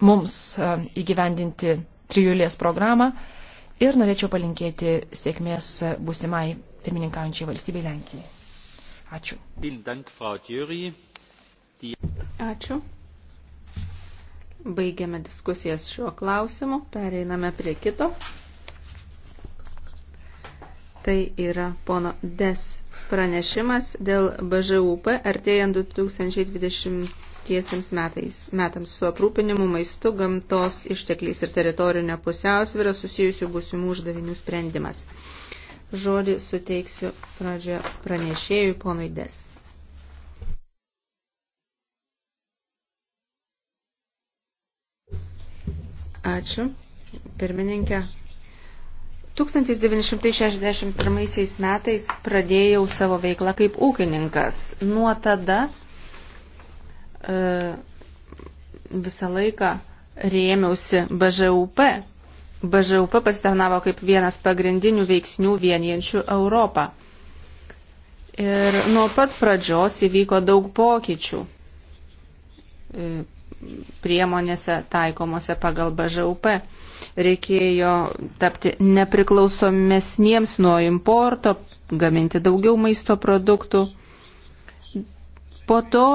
mums e, įgyvendinti trijulės programą ir norėčiau palinkėti sėkmės e, būsimai pirmininkaujančiai valstybei Lenkijai. Ačiū. Ačiū. Baigiame diskusijas šiuo klausimu, pereiname prie kito. Tai yra pono Des pranešimas dėl BŽUP artėjant 2020. 2020 metais, metams su aprūpinimu maistu, gamtos ištekliais ir teritorinė pusiausvėra susijusių būsimų uždavinių sprendimas. Žodį suteiksiu pradžioje pranešėjui ponui Des. Ačiū. Pirmininkė, 1961 metais pradėjau savo veiklą kaip ūkininkas. Nuo tada E, visą laiką rėmiausi BŽUP. BŽUP pasitarnavo kaip vienas pagrindinių veiksnių vienijančių Europą. Ir nuo pat pradžios įvyko daug pokyčių e, priemonėse taikomose pagal BŽUP. Reikėjo tapti nepriklausomesniems nuo importo, gaminti daugiau maisto produktų. Po to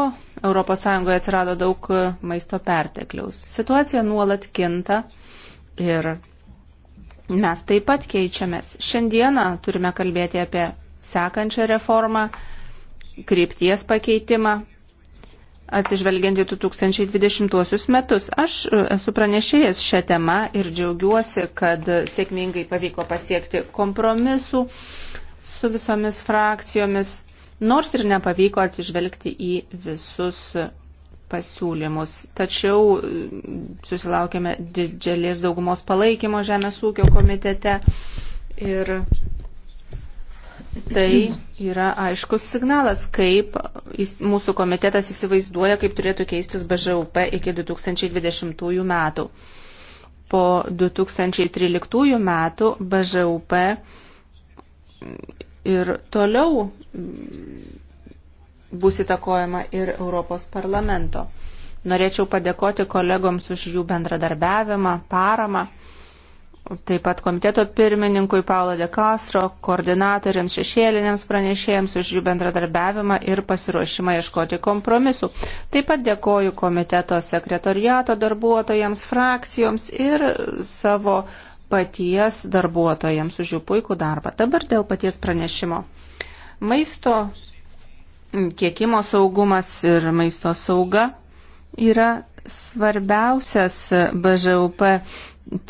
ES atsirado daug e, maisto pertekliaus. Situacija nuolat kinta ir mes taip pat keičiamės. Šiandieną turime kalbėti apie sekančią reformą, krypties pakeitimą, atsižvelgiant į 2020 metus. Aš e, esu pranešėjęs šią temą ir džiaugiuosi, kad sėkmingai pavyko pasiekti kompromisų su visomis frakcijomis nors ir nepavyko atsižvelgti į visus pasiūlymus. Tačiau mm, susilaukėme didžiulės daugumos palaikymo Žemės ūkio komitete ir tai yra aiškus signalas, kaip mūsų komitetas įsivaizduoja, kaip turėtų keistis BŽUP iki 2020 metų. Po 2013 metų BŽUP ir toliau bus įtakojama ir Europos parlamento. Norėčiau padėkoti kolegoms už jų bendradarbiavimą, paramą, taip pat komiteto pirmininkui Paulo de Castro, koordinatoriams šešėliniams pranešėjams už jų bendradarbiavimą ir pasiruošimą ieškoti kompromisų. Taip pat dėkoju komiteto sekretoriato darbuotojams, frakcijoms ir savo paties darbuotojams už jų puikų darbą. Dabar dėl paties pranešimo. Maisto kiekimo saugumas ir maisto sauga yra svarbiausias BŽUP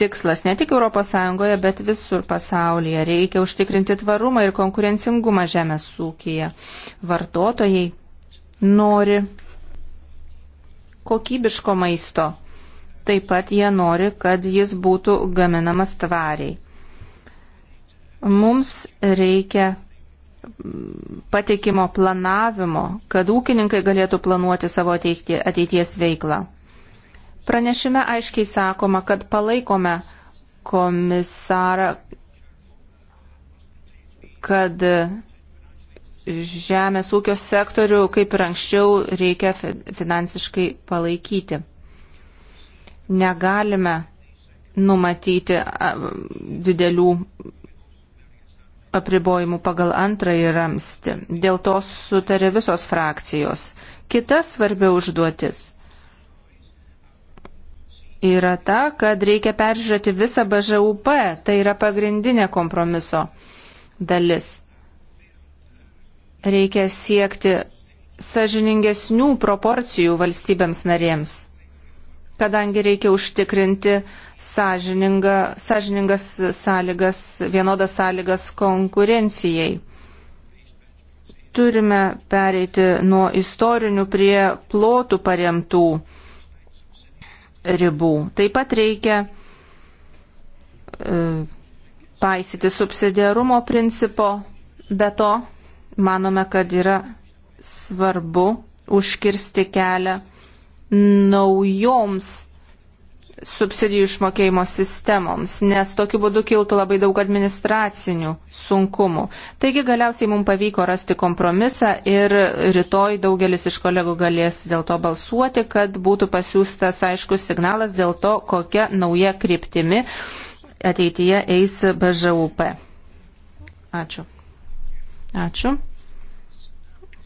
tikslas ne tik ES, bet visur pasaulyje. Reikia užtikrinti tvarumą ir konkurencingumą žemės ūkyje. Vartotojai nori kokybiško maisto Taip pat jie nori, kad jis būtų gaminamas tvariai. Mums reikia mm, patikimo planavimo, kad ūkininkai galėtų planuoti savo ateities veiklą. Pranešime aiškiai sakoma, kad palaikome komisarą, kad žemės ūkio sektorių, kaip ir anksčiau, reikia finansiškai palaikyti negalime numatyti didelių apribojimų pagal antrąjį ramsti. Dėl to sutarė visos frakcijos. Kita svarbi užduotis yra ta, kad reikia peržiūrėti visą BŽUP, tai yra pagrindinė kompromiso dalis. Reikia siekti sažiningesnių proporcijų valstybėms narėms kadangi reikia užtikrinti sąžininga, sąžiningas sąlygas, vienodas sąlygas konkurencijai. Turime pereiti nuo istorinių prie plotų paremtų ribų. Taip pat reikia e, paisyti subsidiarumo principo, be to manome, kad yra svarbu užkirsti kelią naujoms subsidijų išmokėjimo sistemoms, nes tokiu būdu kiltų labai daug administracinių sunkumų. Taigi galiausiai mums pavyko rasti kompromisą ir rytoj daugelis iš kolegų galės dėl to balsuoti, kad būtų pasiūstas aiškus signalas dėl to, kokia nauja kryptimi ateityje eis BŽUP. Ačiū. Ačiū.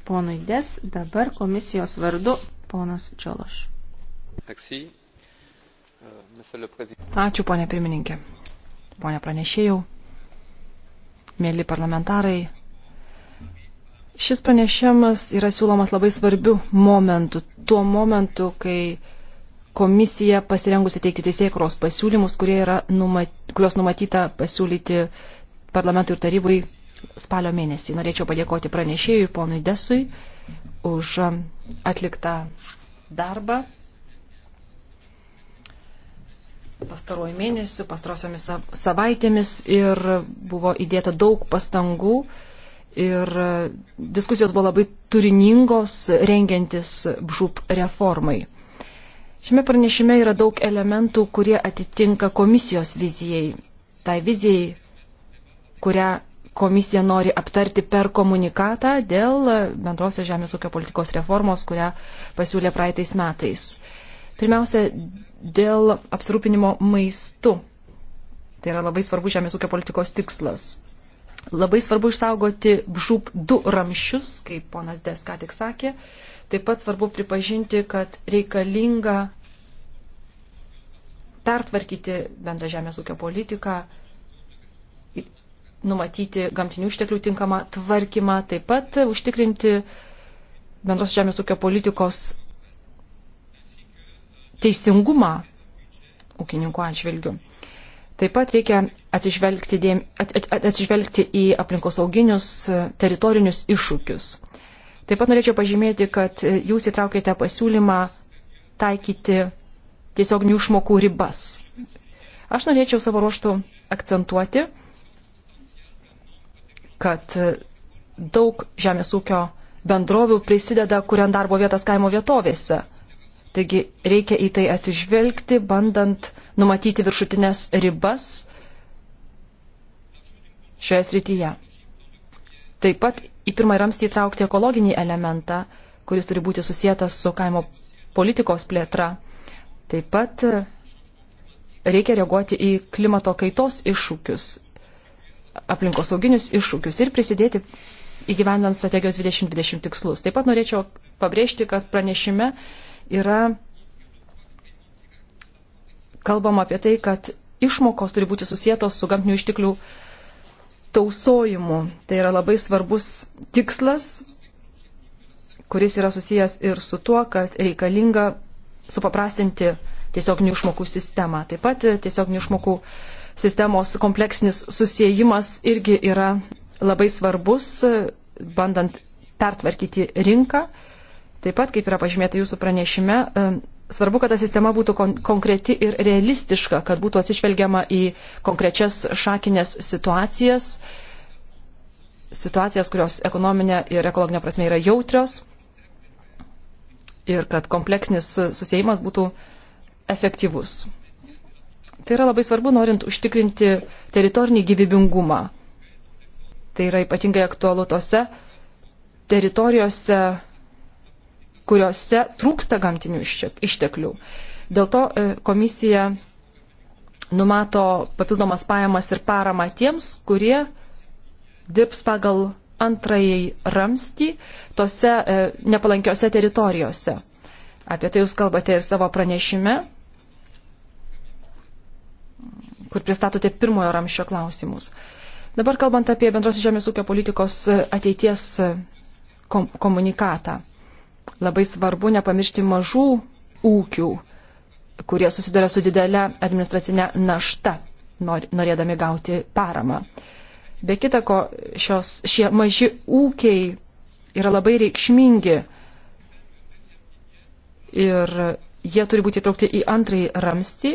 Ponui Des, dabar komisijos vardu ponas Čiološ. Euh, Ačiū, ponė pirmininkė. Pone pranešėjau, mėly parlamentarai, šis pranešimas yra siūlomas labai svarbiu momentu. Tuo momentu, kai komisija pasirengusi teikti teisėkros pasiūlymus, numat, kuriuos numatyta pasiūlyti parlamentui ir tarybai spalio mėnesį. Norėčiau padėkoti pranešėjui, ponui Desui, už atliktą darbą pastaruoju mėnesiu, pastarosiomis savaitėmis ir buvo įdėta daug pastangų ir diskusijos buvo labai turiningos rengiantis BŽUP reformai. Šiame pranešime yra daug elementų, kurie atitinka komisijos vizijai, tai vizijai, kurią komisija nori aptarti per komunikatą dėl bendrosios žemės ūkio politikos reformos, kurią pasiūlė praeitais metais. Pirmiausia, dėl apsirūpinimo maistu. Tai yra labai svarbu žemės ūkio politikos tikslas. Labai svarbu išsaugoti žūp du ramščius, kaip ponas Des ką tik sakė. Taip pat svarbu pripažinti, kad reikalinga pertvarkyti bendrą žemės ūkio politiką, numatyti gamtinių išteklių tinkamą tvarkymą, taip pat užtikrinti bendros žemės ūkio politikos teisingumą ūkininkų atžvilgių. Taip pat reikia atsižvelgti, dėm, at, at, at, atsižvelgti į aplinkosauginius teritorinius iššūkius. Taip pat norėčiau pažymėti, kad jūs įtraukėte pasiūlymą taikyti tiesioginių išmokų ribas. Aš norėčiau savo ruoštų akcentuoti, kad daug žemės ūkio bendrovių prisideda, kuriant darbo vietas kaimo vietovėse. Taigi reikia į tai atsižvelgti, bandant numatyti viršutinės ribas šioje srityje. Taip pat į pirmąjį ramstį įtraukti ekologinį elementą, kuris turi būti susijęs su kaimo politikos plėtra. Taip pat reikia reaguoti į klimato kaitos iššūkius aplinkosauginius iššūkius ir prisidėti įgyvendant strategijos 2020 tikslus. Taip pat norėčiau pabrėžti, kad pranešime yra kalbama apie tai, kad išmokos turi būti susijėtos su gamtinių išteklių tausojimu. Tai yra labai svarbus tikslas, kuris yra susijęs ir su tuo, kad reikalinga supaprastinti tiesioginių išmokų sistemą. Taip pat tiesioginių išmokų uh, sistemos kompleksinis susijimas irgi yra labai svarbus, bandant pertvarkyti rinką. Taip pat, kaip yra pažymėta jūsų pranešime, e, svarbu, kad ta sistema būtų kon konkreti ir realistiška, kad būtų atsižvelgiama į konkrečias šakinės situacijas, situacijas, kurios ekonominė ir ekologinė prasme yra jautrios ir kad kompleksinis susijimas būtų efektyvus. Tai yra labai svarbu, norint užtikrinti teritorinį gyvybingumą. Tai yra ypatingai aktualu tose teritorijose, kuriuose trūksta gamtinių išteklių. Dėl to e, komisija numato papildomas pajamas ir paramą tiems, kurie dirbs pagal antrajai ramstį tose e, nepalankiose teritorijose. Apie tai jūs kalbate ir savo pranešime kur pristatote pirmojo ramščio klausimus. Dabar kalbant apie bendros žemės ūkio politikos e, ateities e, komunikatą. Labai svarbu nepamiršti mažų ūkių, kurie susiduria su didelė administracinė našta, norėdami gauti paramą. Be kita ko, šios, šie maži ūkiai yra labai reikšmingi ir jie turi būti įtraukti į antrąjį ramstį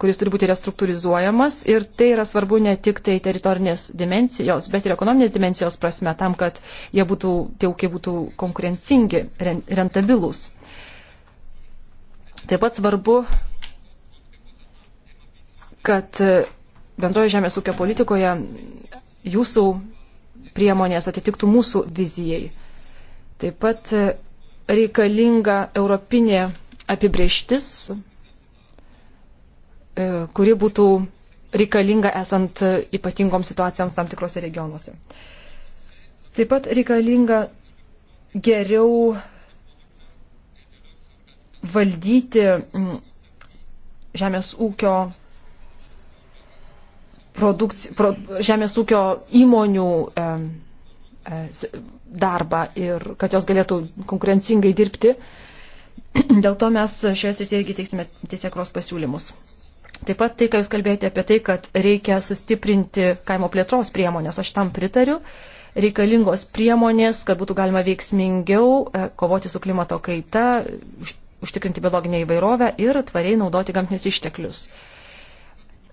kuris turi būti restruktūrizuojamas ir tai yra svarbu ne tik tai teritorinės dimensijos, bet ir ekonominės dimensijos prasme, tam, kad jie būtų, tie ūkiai būtų konkurencingi, rentabilūs. Taip pat svarbu, kad bendroje žemės ūkio politikoje jūsų priemonės atitiktų mūsų vizijai. Taip pat reikalinga europinė apibrieštis E, kuri būtų reikalinga esant ypatingoms situacijoms tam tikrose regionuose. Taip pat reikalinga geriau valdyti žemės ūkio, produkci, pro, žemės ūkio įmonių e, e, darbą ir kad jos galėtų konkurencingai dirbti. Dėl to mes šioje srityje irgi teiksime tiesiekros pasiūlymus. Taip pat tai, ką Jūs kalbėjote apie tai, kad reikia sustiprinti kaimo plėtros priemonės, aš tam pritariu. Reikalingos priemonės, kad būtų galima veiksmingiau e, kovoti su klimato kaita, užtikrinti biologinę įvairovę ir tvariai naudoti gamtinius išteklius.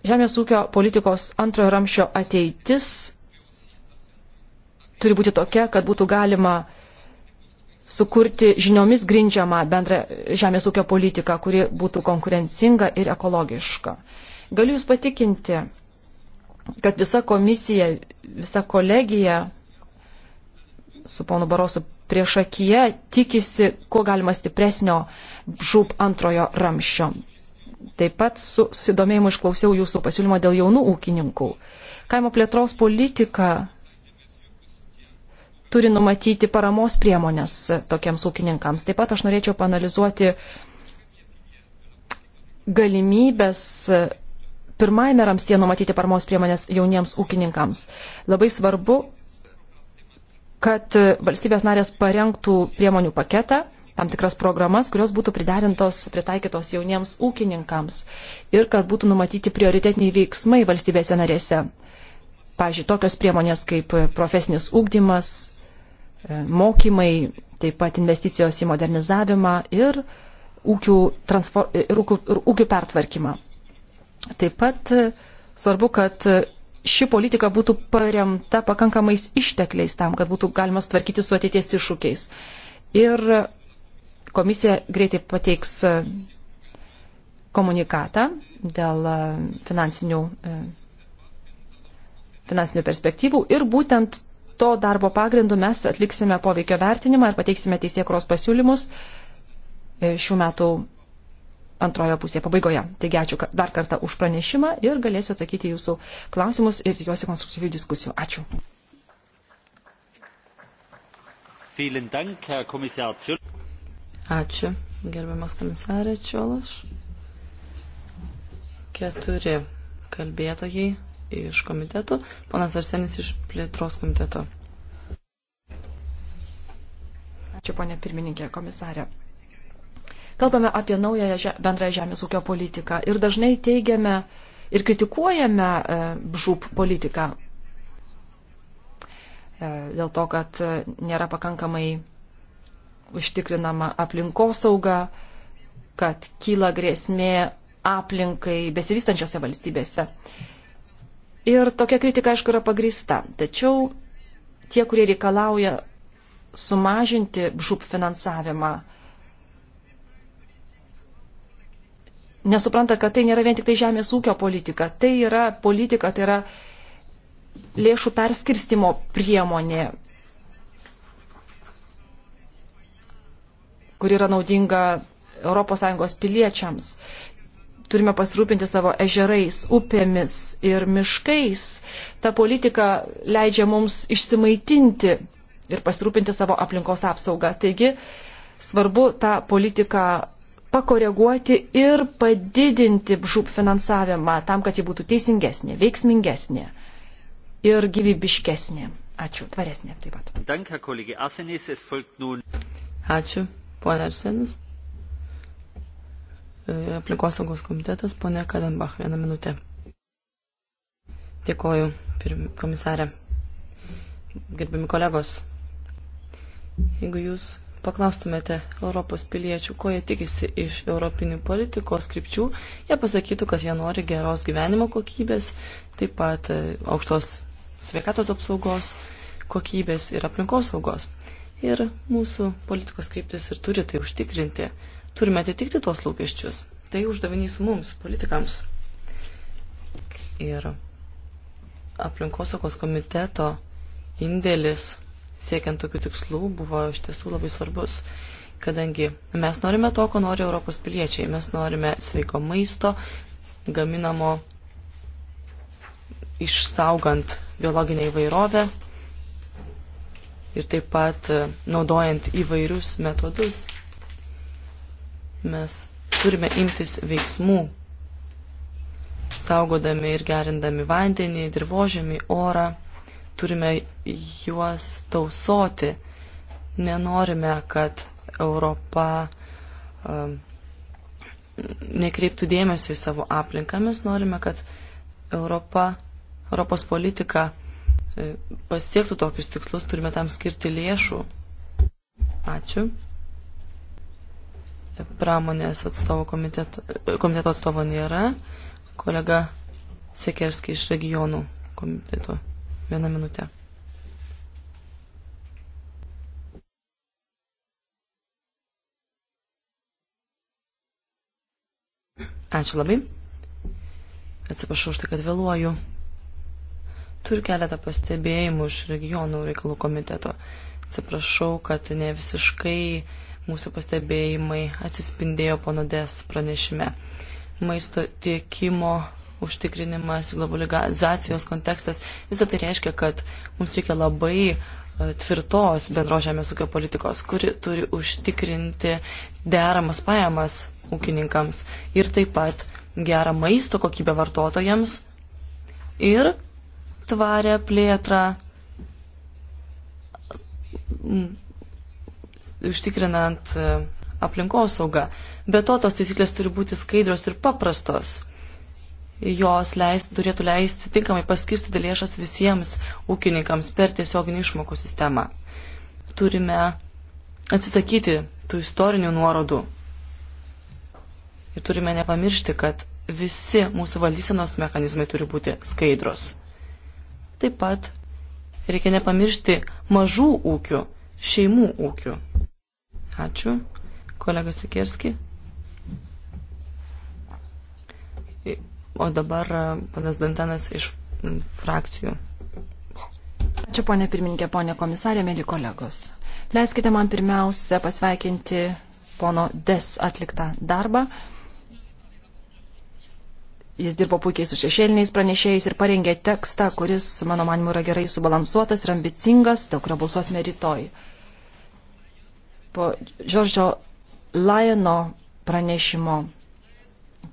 Žemės ūkio politikos antrojo ramšio ateitis turi būti tokia, kad būtų galima uh, sukurti žiniomis grindžiamą bendrą žemės ūkio politiką, kuri būtų konkurencinga ir ekologiška. Galiu Jūs patikinti, kad visa komisija, visa kolegija su ponu Barosu prieš akiją tikisi, kuo galima stipresnio žūp antrojo ramščio. Taip pat su susidomėjimu išklausiau jūsų pasiūlymo dėl jaunų ūkininkų. Kaimo plėtros politika turi numatyti paramos priemonės tokiems ūkininkams. Taip pat aš norėčiau panalizuoti galimybės pirmajame ramstie numatyti paramos priemonės jauniems ūkininkams. Labai svarbu, kad valstybės narės parengtų priemonių paketą, tam tikras programas, kurios būtų pridarintos, pritaikytos jauniems ūkininkams ir kad būtų numatyti prioritetiniai veiksmai valstybėse narėse. Pavyzdžiui, tokios priemonės kaip profesinis ūkdymas, E, mokymai, taip pat investicijos į modernizavimą ir ūkių, transfor, e, ir ūkių, ir ūkių pertvarkymą. Taip pat e, svarbu, kad ši politika būtų paremta pakankamais ištekliais tam, kad būtų galima sutvarkyti su ateities iššūkiais. Ir komisija greitai pateiks komunikatą dėl finansinių, finansinių perspektyvų ir būtent to darbo pagrindu mes atliksime poveikio vertinimą ir pateiksime teisėkros pasiūlymus e, šių metų antrojo pusėje pabaigoje. Taigi ačiū dar kartą už pranešimą ir galėsiu atsakyti jūsų klausimus ir tikiuosi konstruktyvių diskusijų. Ačiū. Ačiū, gerbiamas komisarė Čiolaš. Keturi kalbėtojai iš komitetų, ponas Arsenis iš plėtros komiteto. Ačiū, ponė pirmininkė, komisarė. Kalbame apie naująją bendrąją žemės ūkio politiką ir dažnai teigiame ir kritikuojame e, žūp politiką e, dėl to, kad nėra pakankamai užtikrinama aplinkosauga, kad kyla grėsmė aplinkai besivystančiose valstybėse. Ir tokia kritika, aišku, yra pagrįsta. Tačiau tie, kurie reikalauja sumažinti žūp finansavimą, nesupranta, kad tai nėra vien tik tai žemės ūkio politika. Tai yra politika, tai yra lėšų perskirstimo priemonė, kuri yra naudinga ES piliečiams turime pasirūpinti savo ežerais, upėmis ir miškais. Ta politika leidžia mums išsimaitinti ir pasirūpinti savo aplinkos apsaugą. Taigi svarbu tą politiką pakoreguoti ir padidinti žūp finansavimą tam, kad ji būtų teisingesnė, veiksmingesnė ir gyvybiškesnė. Ačiū, tvaresnė taip pat. Ačiū, ponia Arsenis. E, aplinkosaugos komitetas, ponė Kadenbach, vieną minutę. Dėkoju, komisarė. Gerbiami kolegos, jeigu jūs paklaustumėte Europos piliečių, ko jie tikisi iš europinių politikos krypčių, jie pasakytų, kad jie nori geros gyvenimo kokybės, taip pat e, aukštos sveikatos apsaugos kokybės ir aplinkos saugos. Ir mūsų politikos kryptis ir turi tai užtikrinti turime atitikti tuos lūkesčius. Tai uždavinys mums, politikams. Ir aplinkosaugos komiteto indėlis siekiant tokių tikslų buvo iš tiesų labai svarbus, kadangi mes norime to, ko nori Europos piliečiai. Mes norime sveiko maisto, gaminamo išsaugant biologinę įvairovę ir taip pat e, naudojant įvairius metodus. Mes turime imtis veiksmų, saugodami ir gerindami vandenį, dirbožėmį, orą, turime juos tausoti. Nenorime, kad Europa um, nekreiptų dėmesio į savo aplinką. Mes norime, kad Europa, Europos politika e, pasiektų tokius tikslus, turime tam skirti lėšų. Ačiū pramonės atstovų komiteto, komiteto atstovo nėra. Kolega Sekerski iš regionų komiteto. Vieną minutę. Ačiū labai. Atsiprašau už tai, kad vėluoju. Turiu keletą pastebėjimų iš regionų reikalų komiteto. Atsiprašau, kad ne visiškai Mūsų pastebėjimai atsispindėjo ponodės pranešime. Maisto tiekimo užtikrinimas, globalizacijos kontekstas, visą tai reiškia, kad mums reikia labai e, tvirtos bendros žemės ūkio politikos, kuri turi užtikrinti deramas pajamas ūkininkams ir taip pat gerą maisto kokybę vartotojams ir tvarę plėtrą užtikrinant e, aplinkosaugą. Be to, tos taisyklės turi būti skaidrios ir paprastos. Jos leist, turėtų leisti tinkamai paskirstyti lėšas visiems ūkininkams per tiesioginių išmokų sistemą. Turime atsisakyti tų istorinių nuorodų. Ir turime nepamiršti, kad visi mūsų valdysenos mechanizmai turi būti skaidros. Taip pat reikia nepamiršti mažų ūkių, šeimų ūkių. Ačiū. Kolega Sikirski. O dabar panas Dantanas iš frakcijų. Ačiū, ponė pirmininkė, ponė komisarė, mėly kolegos. Leiskite man pirmiausia pasveikinti pono Des atliktą darbą. Jis dirbo puikiai su šešėliniais pranešėjais ir parengė tekstą, kuris, mano manimu, yra gerai subalansuotas ir ambicingas, dėl kurio balsuosime rytoj po Džordžo Lajono pranešimo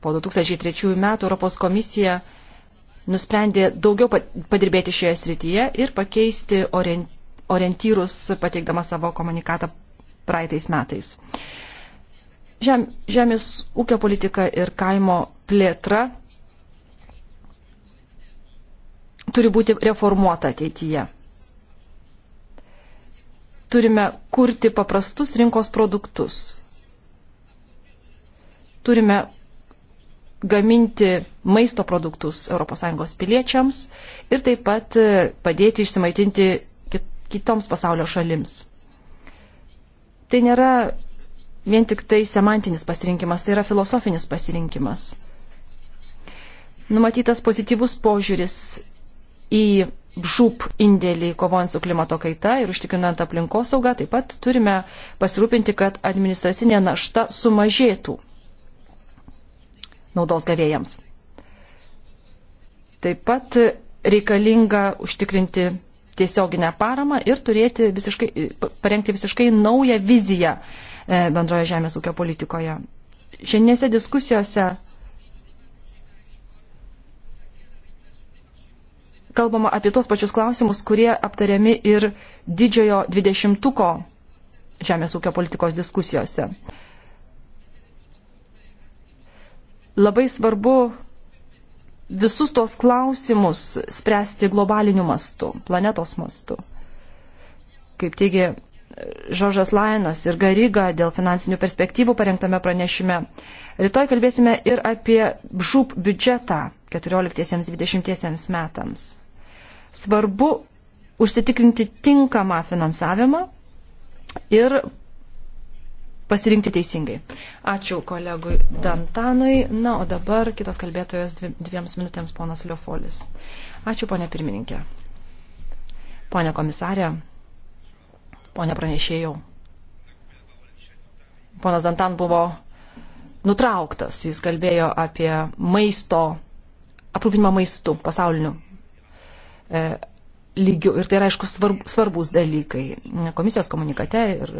po 2003 metų Europos komisija nusprendė daugiau padirbėti šioje srityje ir pakeisti orientyrus pateikdama savo komunikatą praeitais metais. Žem, žemės ūkio politika ir kaimo plėtra turi būti reformuota ateityje turime kurti paprastus rinkos produktus. Turime gaminti maisto produktus ES piliečiams ir taip pat e, padėti išsimaitinti kitoms pasaulio šalims. Tai nėra vien tik tai semantinis pasirinkimas, tai yra filosofinis pasirinkimas. Numatytas pozityvus požiūris į žūp indėlį kovojant su klimato kaita ir užtikrinant aplinkosaugą, taip pat turime pasirūpinti, kad administracinė našta sumažėtų naudos gavėjams. Taip pat reikalinga užtikrinti tiesioginę paramą ir turėti visiškai, parengti visiškai naują viziją e, bendroje žemės ūkio politikoje. Šiandienėse diskusijose kalbama apie tos pačius klausimus, kurie aptariami ir didžiojo dvidešimtuko žemės ūkio politikos diskusijose. Labai svarbu visus tos klausimus spręsti globaliniu mastu, planetos mastu. Kaip teigia Žoržas Lainas ir Garyga dėl finansinių perspektyvų parengtame pranešime. Rytoj kalbėsime ir apie žūp biudžetą 14-20 metams. Svarbu užsitikrinti tinkamą finansavimą ir pasirinkti teisingai. Ačiū kolegui Dantanui. Na, o dabar kitas kalbėtojas dviems minutėms ponas Liofolis. Ačiū, ponė pirmininkė. Pone komisarė, ponė pranešėjau. Ponas Dantan buvo nutrauktas. Jis kalbėjo apie maisto, aprūpinimą maistu pasauliniu E, lygių. Ir tai yra, aišku, svarb, svarbus dalykai. Komisijos komunikate ir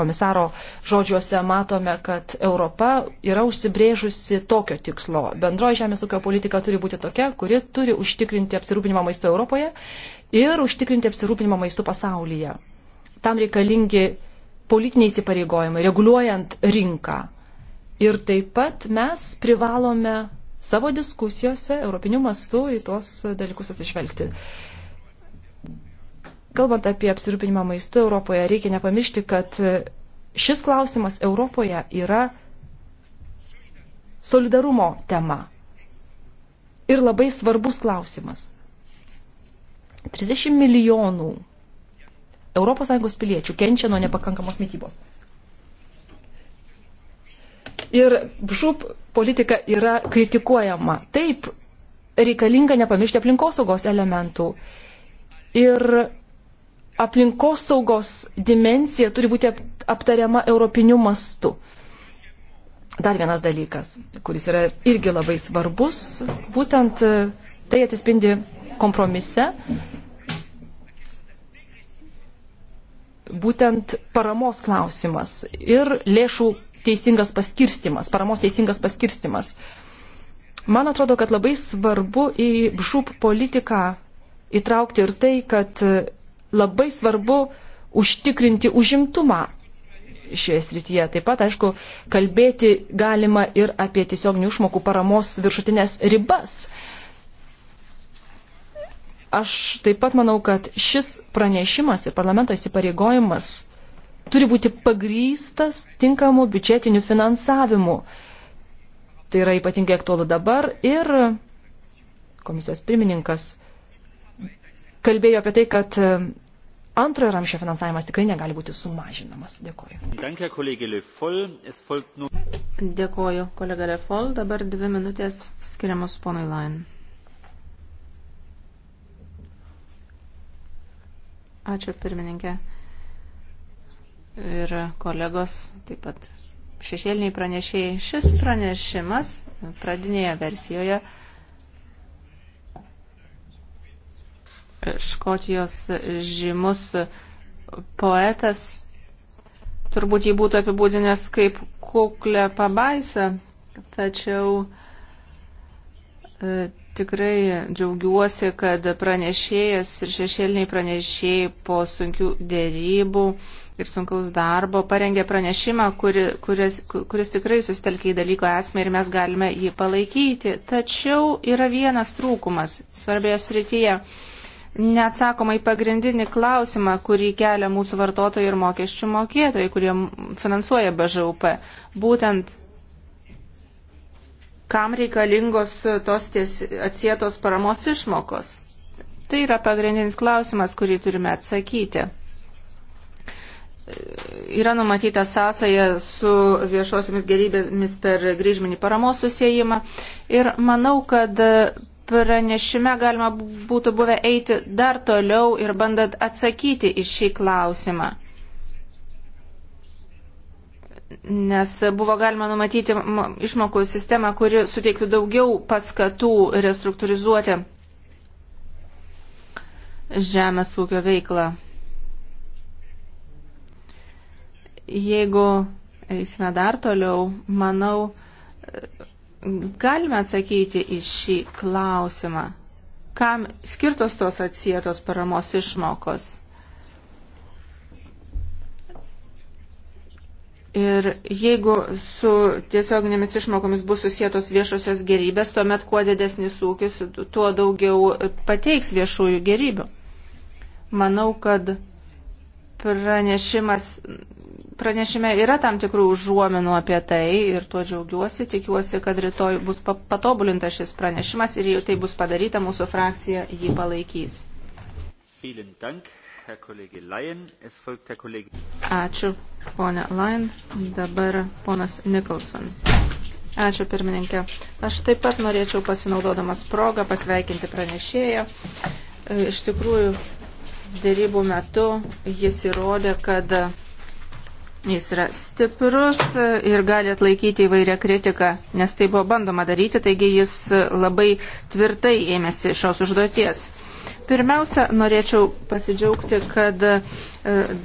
komisaro žodžiuose matome, kad Europa yra užsibrėžusi tokio tikslo. Bendroji žemės ūkio politika turi būti tokia, kuri turi užtikrinti apsirūpinimą maisto Europoje ir užtikrinti apsirūpinimą maisto pasaulyje. Tam reikalingi politiniai įsipareigojimai, reguliuojant rinką. Ir taip pat mes privalome savo diskusijose europiniu mastu į tuos dalykus atsižvelgti. Kalbant apie apsirūpinimą maistu Europoje, reikia nepamiršti, kad šis klausimas Europoje yra solidarumo tema. Ir labai svarbus klausimas. 30 milijonų ES piliečių kenčia nuo nepakankamos mytybos. Ir žūp politika yra kritikuojama. Taip, reikalinga nepamiršti aplinkosaugos elementų. Ir aplinkosaugos dimensija turi būti aptariama europiniu mastu. Dar vienas dalykas, kuris yra irgi labai svarbus, būtent e, tai atsispindi kompromise, būtent paramos klausimas ir lėšų teisingas paskirstimas, paramos teisingas paskirstimas. Man atrodo, kad labai svarbu į žūp politiką įtraukti ir tai, kad labai svarbu užtikrinti užimtumą šioje srityje. Taip pat, aišku, kalbėti galima ir apie tiesioginių išmokų paramos viršutinės ribas. Aš taip pat manau, kad šis pranešimas ir parlamento įsipareigojimas turi būti pagrystas tinkamu biudžetiniu finansavimu. Tai yra ypatingai aktualu dabar ir komisijos pirmininkas kalbėjo apie tai, kad antrojo ramšio finansavimas tikrai negali būti sumažinamas. Dėkoju. Dėkoju, kolega Lefol. Dabar dvi minutės skiriamos ponui Lain. Ačiū, pirmininkė ir kolegos, taip pat šešėliniai pranešėjai. Šis pranešimas pradinėje versijoje Škotijos žymus poetas turbūt jį būtų apibūdinęs kaip kuklę pabaisą, tačiau e, Tikrai džiaugiuosi, kad pranešėjas ir šešėliniai pranešėjai po sunkių dėrybų ir sunkaus darbo parengė pranešimą, kuri, kuris, kuris tikrai susitelkia į dalyko esmę ir mes galime jį palaikyti. Tačiau yra vienas trūkumas svarbioje srityje. Neatsakoma į pagrindinį klausimą, kurį kelia mūsų vartotojai ir mokesčių mokėtojai, kurie finansuoja BŽUP. Būtent kam reikalingos tos ties, atsietos paramos išmokos. Tai yra pagrindinis klausimas, kurį turime atsakyti. Yra numatyta sąsaja su viešosiamis gerybėmis per grįžminį paramos susijimą ir manau, kad pranešime galima būtų buvę eiti dar toliau ir bandant atsakyti į šį klausimą nes buvo galima numatyti išmokų sistemą, kuri suteiktų daugiau paskatų restruktūrizuoti žemės ūkio veiklą. Jeigu eisime dar toliau, manau, galime atsakyti į šį klausimą, kam skirtos tos atsietos paramos išmokos. Ir jeigu su tiesioginėmis išmokomis bus susijėtos viešosios gerybės, tuomet kuo didesnis ūkis, tuo daugiau pateiks viešųjų gerybių. Manau, kad pranešimas, pranešime yra tam tikrų užuomenų apie tai ir tuo džiaugiuosi. Tikiuosi, kad rytoj bus patobulinta šis pranešimas ir jei tai bus padaryta, mūsų frakcija jį palaikys. Dank, Herr Laien. Es folgt Herr Ačiū, ponė Lain. Dabar ponas Nikolson. Ačiū, pirmininkė. Aš taip pat norėčiau pasinaudodamas progą pasveikinti pranešėją. Iš tikrųjų, dėrybų metu jis įrodė, kad jis yra stiprus ir gali atlaikyti įvairią kritiką, nes tai buvo bandoma daryti, taigi jis labai tvirtai ėmėsi šios užduoties. Pirmiausia, norėčiau pasidžiaugti, kad e,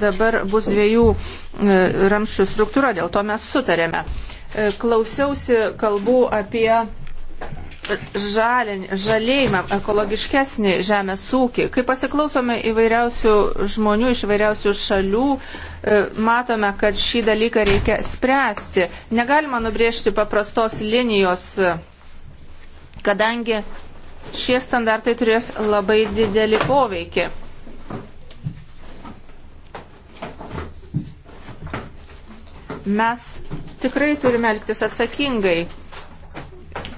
dabar bus dviejų e, ramščių struktūra, dėl to mes sutarėme. E, klausiausi kalbų apie žalin, žalėjimą, ekologiškesnį žemės ūkį. Kai pasiklausome įvairiausių žmonių iš įvairiausių šalių, matome, kad šį dalyką reikia spręsti. Negalima nubriežti paprastos linijos, kadangi šie standartai turės labai didelį poveikį. Mes tikrai turime elgtis atsakingai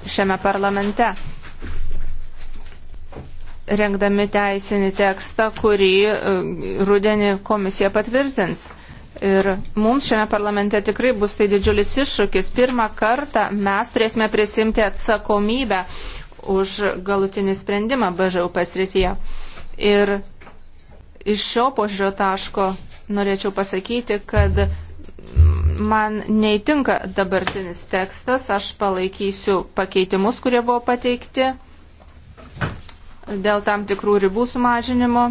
šiame parlamente rengdami teisinį tekstą, kurį e, rudenį komisija patvirtins. Ir mums šiame parlamente tikrai bus tai didžiulis iššūkis. Pirmą kartą mes turėsime prisimti atsakomybę už galutinį sprendimą BŽUP srityje. Ir iš šio požiūrio taško norėčiau pasakyti, kad man neįtinka dabartinis tekstas, aš palaikysiu pakeitimus, kurie buvo pateikti dėl tam tikrų ribų sumažinimo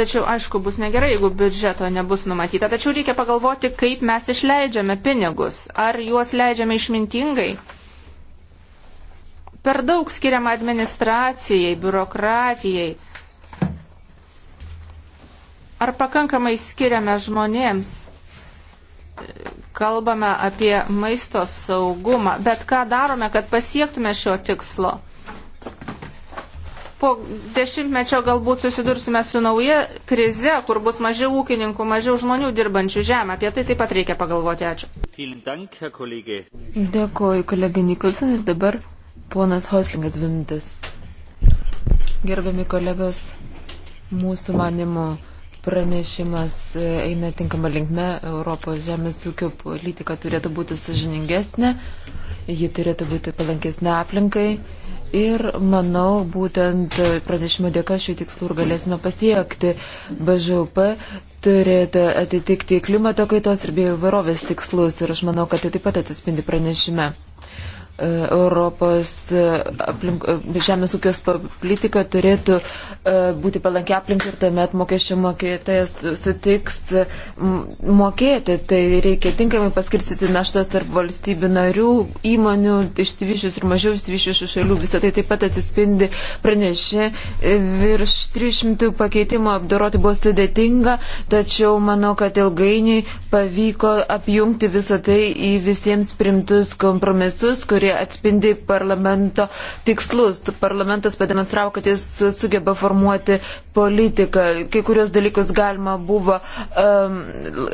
Tačiau, aišku, bus negerai, jeigu biudžeto nebus numatyta. Tačiau reikia pagalvoti, kaip mes išleidžiame pinigus. Ar juos leidžiame išmintingai? Per daug skiriama administracijai, biurokratijai. Ar pakankamai skiriame žmonėms? Kalbame apie maisto saugumą, bet ką darome, kad pasiektume šio tikslo? po dešimtmečio galbūt susidursime su nauja krize, kur bus mažiau ūkininkų, mažiau žmonių dirbančių žemę. Apie tai taip pat reikia pagalvoti. Ačiū. Dėkuoju, kolega Nikolson. Ir dabar ponas Hoslingas dvi minutės. Gerbiami kolegos, mūsų manimo pranešimas eina tinkama linkme. Europos žemės ūkio politika turėtų būti sažiningesnė, ji turėtų būti palankesnė aplinkai Ir manau, būtent pranešimo dėka šių tikslų ir galėsime pasiekti. BŽUP turėtų atitikti klimato kaitos ir bioįvairovės tikslus ir aš manau, kad tai taip pat atsispindi pranešime. Europos e, aplink, e, žemės ūkios politika turėtų e, būti palankia aplinkai ir tuomet mokesčių mokėtojas sutiks mokėti. Tai reikia tinkamai paskirstyti naštas tarp valstybių narių, įmonių, išsivyšius ir mažiau išsivyšiusių šalių. Visą tai taip pat atsispindi pranešė. Virš 300 pakeitimų apdoroti buvo sudėtinga, tačiau manau, kad ilgainiui pavyko apjungti visą tai į visiems primtus kompromisus, kurie kurie atspindi parlamento tikslus. Parlamentas pademonstravo, kad jis sugeba formuoti politiką. Kai kurios dalykus galima buvo um,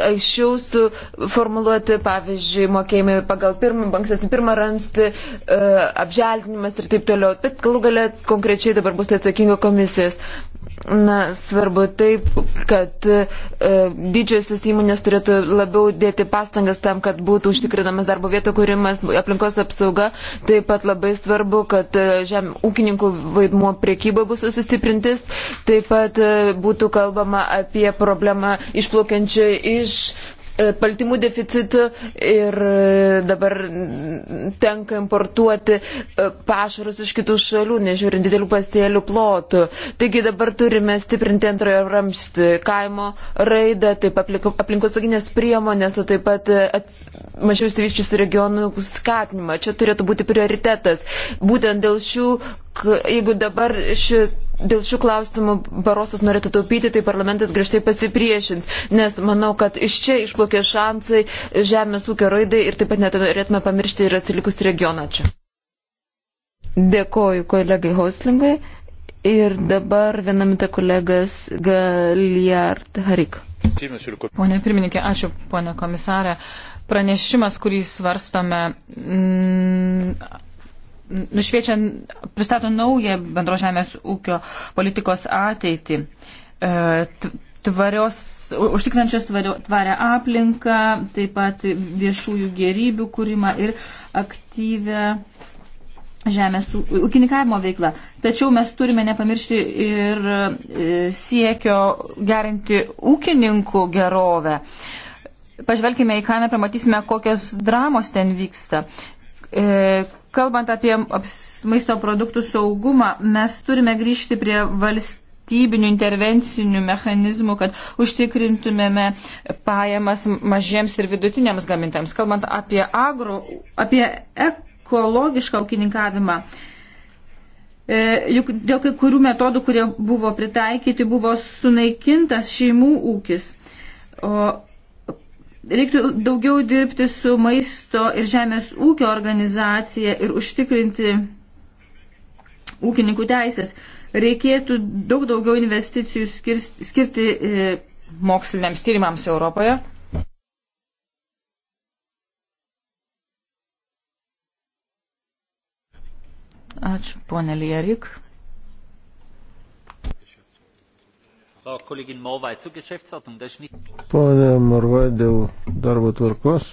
aiškiau suformuluoti, pavyzdžiui, mokėjimai pagal pirmą, ankstesnį pirmą ramstį, uh, apželdinimas ir taip toliau. Bet galų galę konkrečiai dabar bus atsakinga komisijos. Na, svarbu taip, kad e, didžiosios įmonės turėtų labiau dėti pastangas tam, kad būtų užtikrinamas darbo vietų kūrimas, aplinkos apsauga. Taip pat labai svarbu, kad e, žem, ūkininkų vaidmuo priekyba bus susistiprintis. Taip pat e, būtų kalbama apie problemą išplaukiančią iš E, baltymų deficitu ir e, dabar tenka importuoti e, pašarus iš kitų šalių, nežiūrint didelių pasėlių plotų. Taigi dabar turime stiprinti antrojo ramštį kaimo raidą, taip aplinkosauginės priemonės, o taip pat ats... mažiau įsivyščiusių regionų skatinimą. Čia turėtų būti prioritetas. Būtent dėl šių, jeigu dabar ši dėl šių klausimų Barosas norėtų taupyti, tai parlamentas griežtai pasipriešins, nes manau, kad iš čia išplaukė šansai žemės ūkio raidai ir taip pat neturėtume pamiršti ir atsilikus regioną čia. Dėkoju kolegai Hoslingai ir dabar vieną minutę kolegas Galiard Harik. Pone pirmininkė, ačiū, pone komisarė. Pranešimas, kurį svarstome, mm, nušviečia, pristato naują bendro žemės ūkio politikos ateitį. E, tvarios, užtikrančios tvarę aplinką, taip pat viešųjų gerybių kūrimą ir aktyvę žemės ūkininkavimo veiklą. Tačiau mes turime nepamiršti ir e, siekio gerinti ūkininkų gerovę. Pažvelkime į kainą, pamatysime, kokios dramos ten vyksta e, kalbant apie maisto produktų saugumą, mes turime grįžti prie valstybinių intervencinių mechanizmų, kad užtikrintumėme pajamas mažiems ir vidutiniams gamintams. Kalbant apie agro, apie ekologišką ūkininkavimą. E, juk dėl kai kurių metodų, kurie buvo pritaikyti, buvo sunaikintas šeimų ūkis. O Reiktų daugiau dirbti su maisto ir žemės ūkio organizacija ir užtikrinti ūkininkų teisės. Reikėtų daug daugiau investicijų skirti, skirti e, moksliniams tyrimams Europoje. Ačiū, ponė Lierik. Pone Marvai, dėl darbo tvarkos.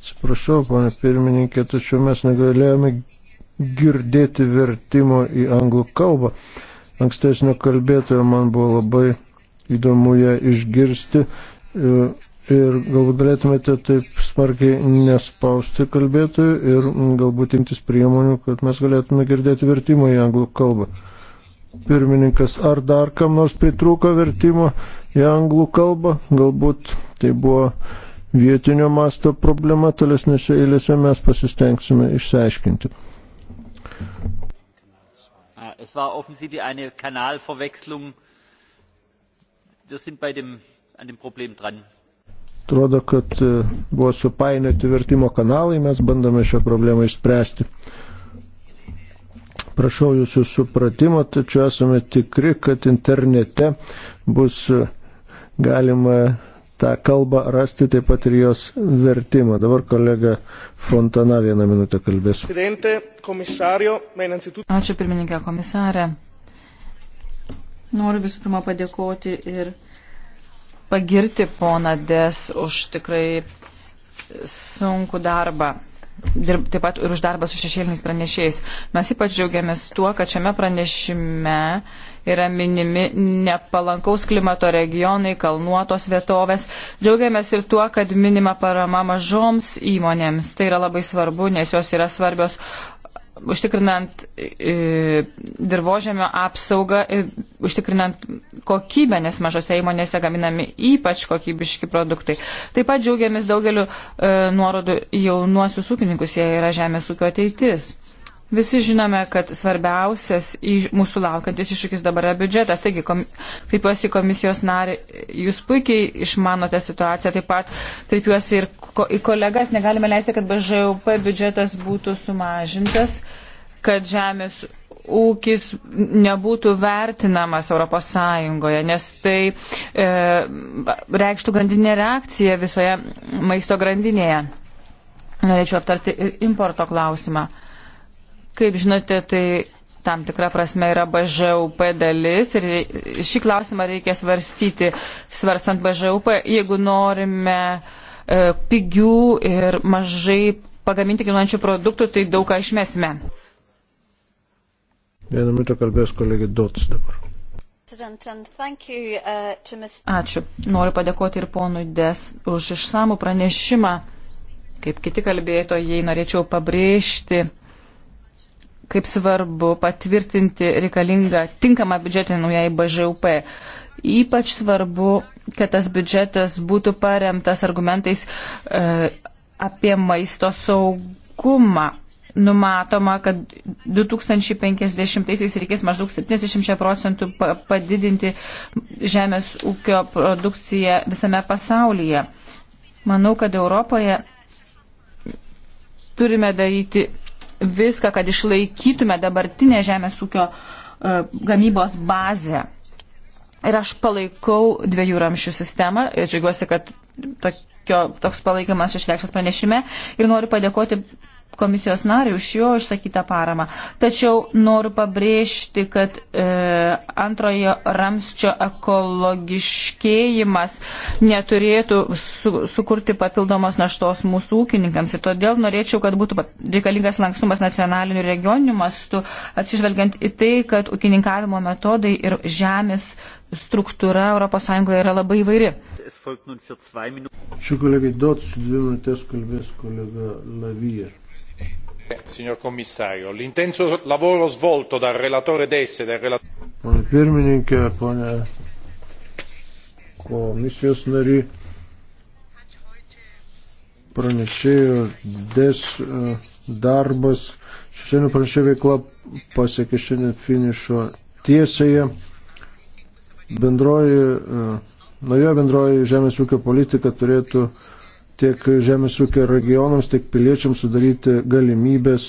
Atsiprašau, pone pirmininkė, tačiau mes negalėjome girdėti vertimo į anglų kalbą. Ankstesnio kalbėtojo man buvo labai įdomu ją išgirsti e, ir galbūt galėtumėte taip smarkiai nespausti kalbėtojų ir galbūt imtis priemonių, kad mes galėtume girdėti vertimą į anglų kalbą. Pirmininkas, ar dar kam nors pritrūko vertimo į anglų kalbą? Galbūt tai buvo vietinio masto problema, tolesnėse eilėse mes pasistengsime išsiaiškinti. Es war offensichtlich eine Kanalverwechslung. Wir sind bei dem, an dem Problem dran. Atrodo, kad e, buvo supainioti vertimo kanalai, mes bandome šią problemą išspręsti. Prašau jūsų supratimo, tačiau esame tikri, kad internete bus galima tą kalbą rasti, taip pat ir jos vertimą. Dabar kolega Fontana vieną minutę kalbės. Ačiū pirmininkė komisarė. Noriu visų pirma padėkoti ir pagirti poną Des už tikrai sunku darbą dirb, taip pat ir už darbą su šešėliniais pranešėjais. Mes ypač džiaugiamės tuo, kad šiame pranešime yra minimi nepalankaus klimato regionai, kalnuotos vietovės. Džiaugiamės ir tuo, kad minima parama mažoms įmonėms. Tai yra labai svarbu, nes jos yra svarbios užtikrinant e, dirbožėmio apsaugą ir užtikrinant kokybę, nes mažose įmonėse gaminami ypač kokybiški produktai. Taip pat džiaugiamės daugeliu e, nuorodų jaunuosius ūkininkus, jie yra žemės ūkio ateitis. Visi žinome, kad svarbiausias mūsų laukiantis iššūkis dabar yra biudžetas. Taigi, kreipiuosi į komisijos narį, jūs puikiai išmanote situaciją, taip pat kreipiuosi ir ko, į kolegas, negalime leisti, kad BŽUP biudžetas būtų sumažintas, kad žemės ūkis nebūtų vertinamas ES, nes tai e, reikštų grandinė reakcija visoje maisto grandinėje. Norėčiau aptarti ir importo klausimą. Kaip žinote, tai tam tikra prasme yra BŽUP dalis ir šį klausimą reikia svarstyti, svarstant BŽUP, jeigu norime e, pigių ir mažai pagaminti kinuojančių produktų, tai daug ką išmesime. Vieną minutę kalbės kolegė Dots dabar. Uh, Ačiū. Noriu padėkoti ir ponui Des už išsamų pranešimą. Kaip kiti kalbėtojai, norėčiau pabrėžti kaip svarbu patvirtinti reikalingą tinkamą biudžetą naujai BŽUP. Ypač svarbu, kad tas biudžetas būtų paremtas argumentais e, apie maisto saugumą. Numatoma, kad 2050-aisiais reikės maždaug 70 procentų padidinti žemės ūkio produkciją visame pasaulyje. Manau, kad Europoje turime daryti viską, kad išlaikytume dabartinę žemės ūkio e, gamybos bazę. Ir aš palaikau dviejų ramšių sistemą ir džiugiuosi, kad tokio, toks palaikymas išreikštas pranešime ir noriu padėkoti komisijos nariui už jo išsakytą paramą. Tačiau noriu pabrėžti, kad e, antrojo ramsčio ekologiškėjimas neturėtų su, sukurti papildomos naštos mūsų ūkininkams. Ir todėl norėčiau, kad būtų reikalingas lankstumas nacionaliniu regioniniu mastu, atsižvelgiant į tai, kad ūkininkavimo metodai ir žemės struktūra ES yra labai įvairi. Šių kolegai Dots dvi minutės kalbės kolega Lavijas signor commissario l'intenso lavoro svolto dal relatore dess e dal relatore. pone pirmininke pone komisijos nary pranešėjo des e, darbas šiandien pranešėjo veikla pasiekė šiandien finišo tiesėje bendroji e, nauja bendroji žemės ūkio politika turėtų tiek žemės ūkio regionams, tiek piliečiams sudaryti galimybės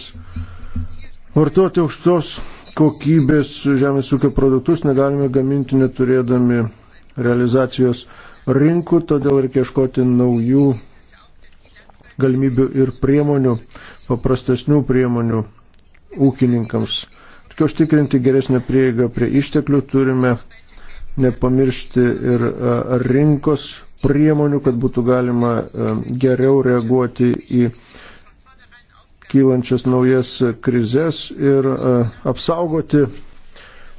vartoti aukštos kokybės žemės ūkio produktus, negalime gaminti neturėdami realizacijos rinkų, todėl reikia ieškoti naujų galimybių ir priemonių, paprastesnių priemonių ūkininkams. Tik užtikrinti geresnę prieigą prie išteklių turime nepamiršti ir rinkos priemonių, kad būtų galima e, geriau reaguoti į kylančias naujas krizės ir e, apsaugoti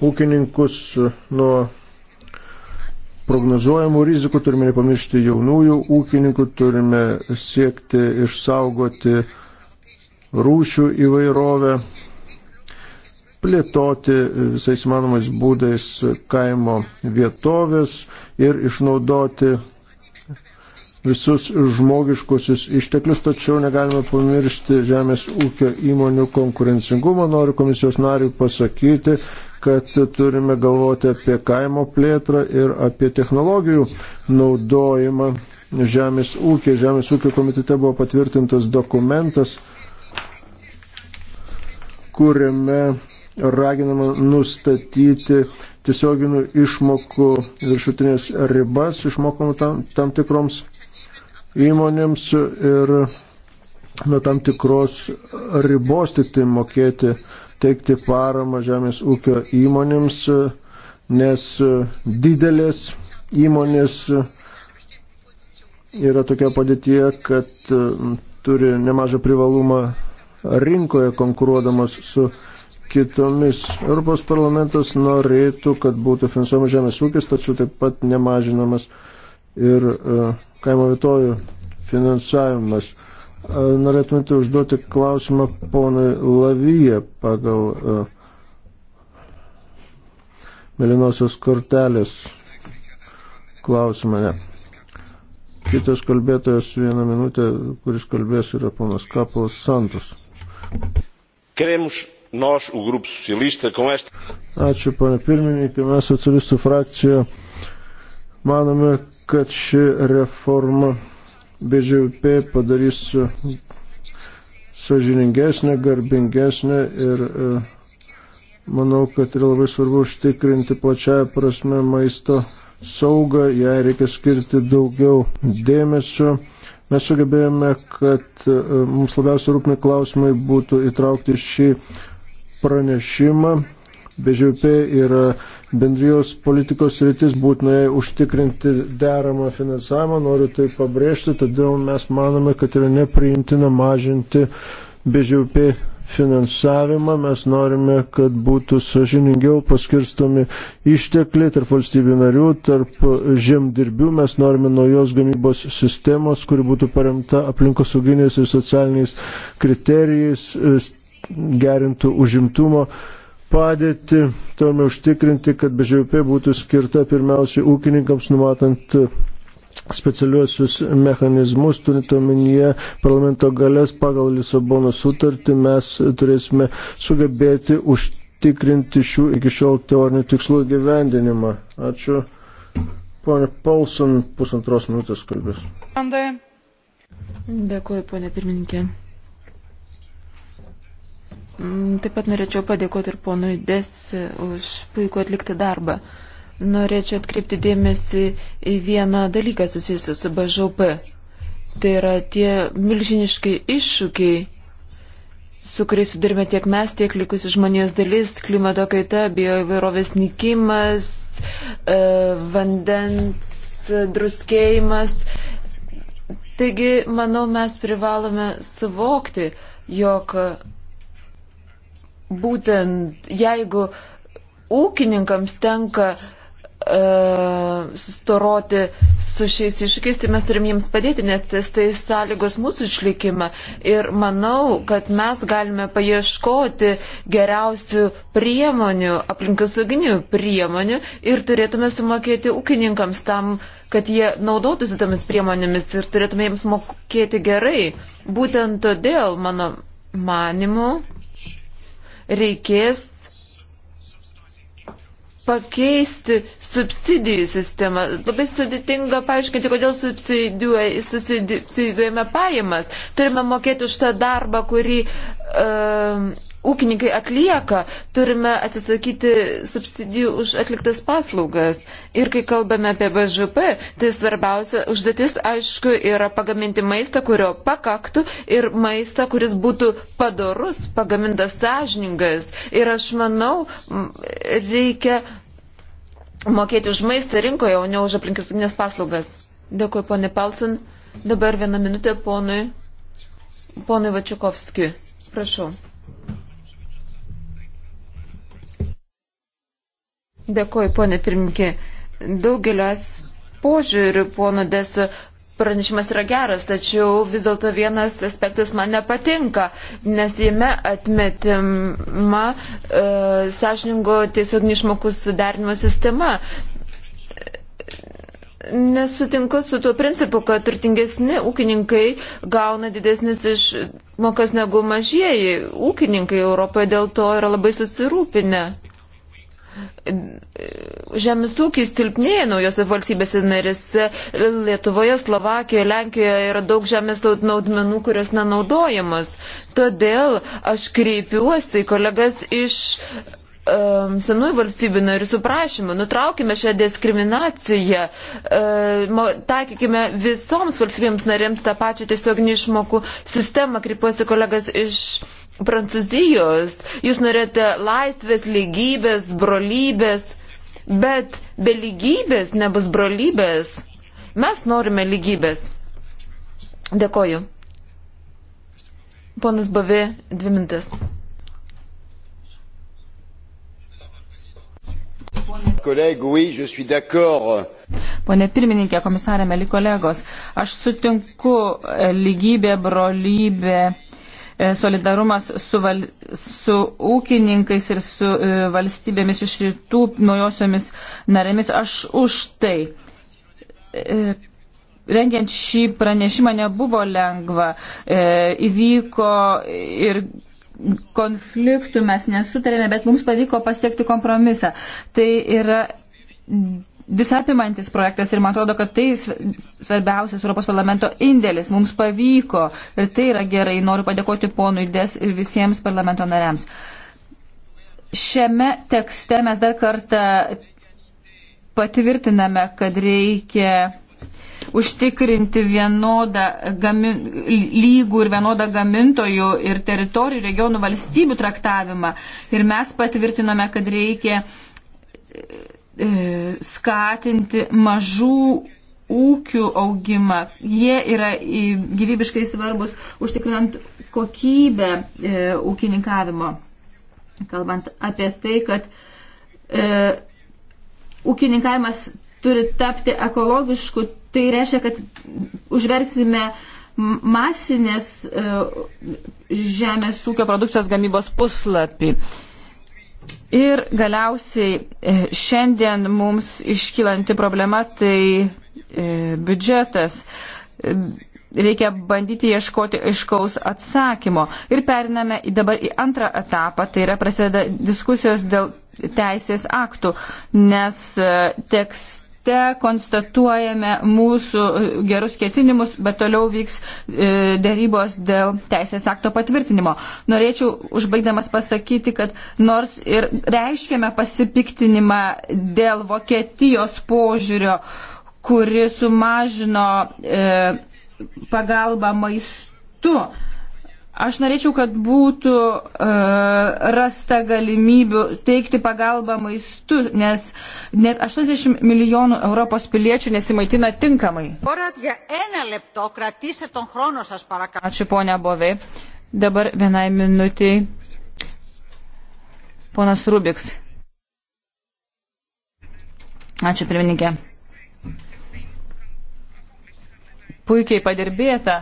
ūkininkus e, nuo prognozuojamų rizikų, turime nepamiršti jaunųjų ūkininkų, turime siekti išsaugoti rūšių įvairovę, plėtoti visais manomais būdais kaimo vietovės ir išnaudoti visus žmogiškusius išteklius, tačiau negalime pamiršti žemės ūkio įmonių konkurencingumo. Noriu komisijos nariui pasakyti, kad turime galvoti apie kaimo plėtrą ir apie technologijų naudojimą žemės ūkio. Žemės ūkio komitete buvo patvirtintas dokumentas, kuriame raginama nustatyti tiesioginių išmokų viršutinės ribas išmokomų tam, tam tikroms įmonėms ir nuo tam tikros ribos tik tai mokėti teikti paramą žemės ūkio įmonėms, nes didelės įmonės yra tokia padėtyje, kad turi nemažą privalumą rinkoje konkuruodamas su kitomis. Europos parlamentas norėtų, kad būtų finansuojamas žemės ūkis, tačiau taip pat nemažinamas uh, ir e, kaimo vietovių finansavimas. Norėtumėte užduoti klausimą ponui Lavyje pagal e, Melinosios kortelės klausimą. Ne. Kitas kalbėtojas vieną minutę, kuris kalbės, yra ponas Kapalas Santos. Queremos nós, o Grupo Socialista, com esta. Ačiū, ponė pirmininkė, mes socialistų frakcijoje Manome, kad ši reforma BGP padarys sažiningesnė, garbingesnė ir e, manau, kad yra labai svarbu užtikrinti plačiają prasme maisto saugą, jai reikia skirti daugiau dėmesio. Mes sugebėjome, kad e, mums labiausiai rūpni klausimai būtų įtraukti šį pranešimą BŽP yra bendrijos politikos rytis būtinai užtikrinti deramą finansavimą, noriu tai pabrėžti, todėl mes manome, kad yra nepriimtina mažinti BŽP finansavimą, mes norime, kad būtų sažiningiau paskirstomi ištekliai tarp valstybių narių, tarp žemdirbių, mes norime naujos gamybos sistemos, kuri būtų paremta aplinkosauginiais ir socialiniais kriterijais, gerintų užimtumo padėtį, turime užtikrinti, kad BŽP būtų skirta pirmiausiai ūkininkams, numatant e, specialiuosius mechanizmus, turint omenyje parlamento galės pagal Lisabono sutartį, mes turėsime sugebėti užtikrinti šių iki šiol teorinių tikslų gyvendinimą. Ačiū. Pone Paulson, pusantros minutės kalbės. Dėkuoju, ponė pirmininkė. Mm, taip pat norėčiau padėkoti ir ponui Des už puikų atliktą darbą. Norėčiau atkreipti dėmesį į vieną dalyką susijusiu su BŽP. Tai yra tie milžiniški iššūkiai, su kuriais sudarime tiek mes, tiek likusi žmonijos dalis - klimato kaita, bioįvairovės nikimas, e, vandens druskėjimas. Taigi, manau, mes privalome suvokti, jog būtent jeigu ūkininkams tenka e, sustoroti su šiais iššūkiais, tai mes turim jiems padėti, nes tai sąlygos mūsų išlikimą. Ir manau, kad mes galime paieškoti geriausių priemonių, aplinkosauginių priemonių ir turėtume sumokėti ūkininkams tam, kad jie naudotųsi tomis priemonėmis ir turėtume jiems mokėti gerai. Būtent todėl, mano manimu, reikės pakeisti subsidijų sistemą. Labai sudėtinga paaiškinti, kodėl subsidijuojame pajamas. Turime mokėti už tą darbą, kurį uh, ūkininkai atlieka, turime atsisakyti subsidijų už atliktas paslaugas. Ir kai kalbame apie BŽP, tai svarbiausia užduotis, aišku, yra pagaminti maistą, kurio pakaktų ir maistą, kuris būtų padorus, pagamintas sąžiningas. Ir aš manau, reikia mokėti už maistą rinkoje, o ne už aplinkisuginės paslaugas. Dėkui, ponė Palsin. Dabar vieną minutę ponui, ponui Vačiukovskiui. Prašau. Dėkuoju, ponė pirminkė. Daugelis požiūrių pono Deso pranešimas yra geras, tačiau vis dėlto vienas aspektas man nepatinka, nes jame atmetima e, sąžiningo tiesiog nišmokų sudarinimo sistema. Nesutinku su tuo principu, kad turtingesni ūkininkai gauna didesnis išmokas negu mažieji. Ūkininkai Europoje dėl to yra labai susirūpinę. Žemės ūkis silpnėja naujose valstybėse narėse. Lietuvoje, Slovakijoje, Lenkijoje yra daug žemės naudmenų, kurios nenaudojamas. Todėl aš kreipiuosi kolegas iš um, senųjų valstybių narių su prašymu, nutraukime šią diskriminaciją, um, taikykime visoms valstybėms narėms tą pačią tiesiog neišmokų sistemą, kreipiuosi kolegas iš Prancūzijos, jūs norite laisvės, lygybės, brolybės, bet be lygybės nebus brolybės. Mes norime lygybės. Dėkoju. Ponas Bavė, dvi mintis. Pone pirmininkė, komisarė, meli kolegos, aš sutinku e, lygybė, brolybė E, solidarumas su, val, su ūkininkais ir su e, valstybėmis iš rytų naujosiomis narėmis. Aš už tai. E, rengiant šį pranešimą nebuvo lengva. Įvyko ir konfliktų mes nesutarėme, bet mums pavyko pasiekti kompromisą. Tai yra visapimantis projektas ir man atrodo, kad tai svarbiausias Europos parlamento indėlis mums pavyko ir tai yra gerai. Noriu padėkoti ponui Des ir visiems parlamento nariams. Šiame tekste mes dar kartą patvirtiname, kad reikia užtikrinti vienodą gamin, lygų ir vienodą gamintojų ir teritorijų regionų valstybių traktavimą. Ir mes patvirtinome, kad reikia E, skatinti mažų ūkių augimą. Jie yra gyvybiškai svarbus užtikrinant kokybę e, ūkininkavimo. Kalbant apie tai, kad e, ūkininkavimas turi tapti ekologišku, tai reiškia, kad užversime masinės e, žemės ūkio produkcijos gamybos puslapį. E, Ir galiausiai e, šiandien mums iškylanti problema tai e, biudžetas. E, reikia bandyti ieškoti aiškaus atsakymo. Ir periname į dabar į antrą etapą, tai yra prasideda diskusijos dėl teisės aktų, nes teks akte konstatuojame mūsų gerus ketinimus, bet toliau vyks e, dėrybos dėl teisės akto patvirtinimo. Norėčiau užbaigdamas pasakyti, kad nors ir reiškiame pasipiktinimą dėl Vokietijos požiūrio, kuri sumažino e, pagalbą maistu, Aš norėčiau, kad būtų uh, rasta galimybių teikti pagalbą maistu, nes net 80 milijonų Europos piliečių nesimaitina tinkamai. Ačiū ponia Bovė. Dabar vienai minutiai. Ponas Rubiks. Ačiū pirmininkė. Puikiai padirbėta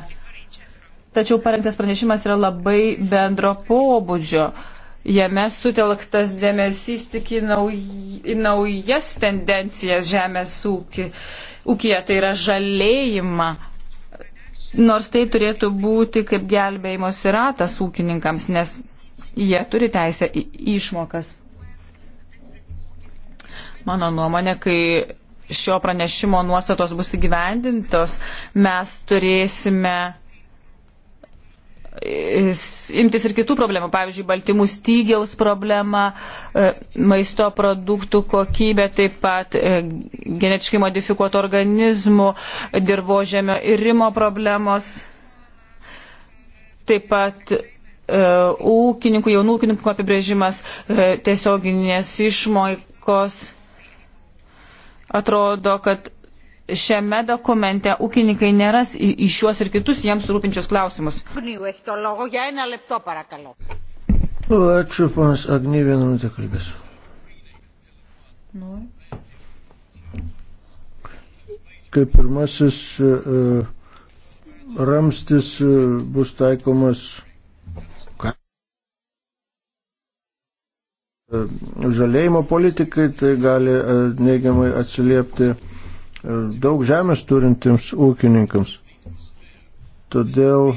tačiau parengtas pranešimas yra labai bendro pobūdžio. Jame sutelktas dėmesys tik į, nauj, į naujas tendencijas žemės ūkį. ūkija, tai yra žalėjimą. Nors tai turėtų būti kaip gelbėjimos ratas ūkininkams, nes jie turi teisę į išmokas. Mano nuomonė, kai šio pranešimo nuostatos bus įgyvendintos, mes turėsime imtis ir kitų problemų, pavyzdžiui, baltymų stygiaus problema, e, maisto produktų kokybė, taip pat e, genetiškai modifikuotų organizmų, dirbožėmio irimo problemos, taip pat e, ūkininkų, jaunų ūkininkų apibrėžimas, tiesioginės išmoikos. Atrodo, kad šiame dokumente ūkininkai neras į, į šiuos ir kitus jiems rūpinčius klausimus. Ačiū, panas Agny, vieną minutę kalbėsiu. Nu. Kaip pirmasis uh, ramstis uh, bus taikomas žalėjimo politikai, tai gali neigiamai atsiliepti daug žemės turintiems ūkininkams. Todėl,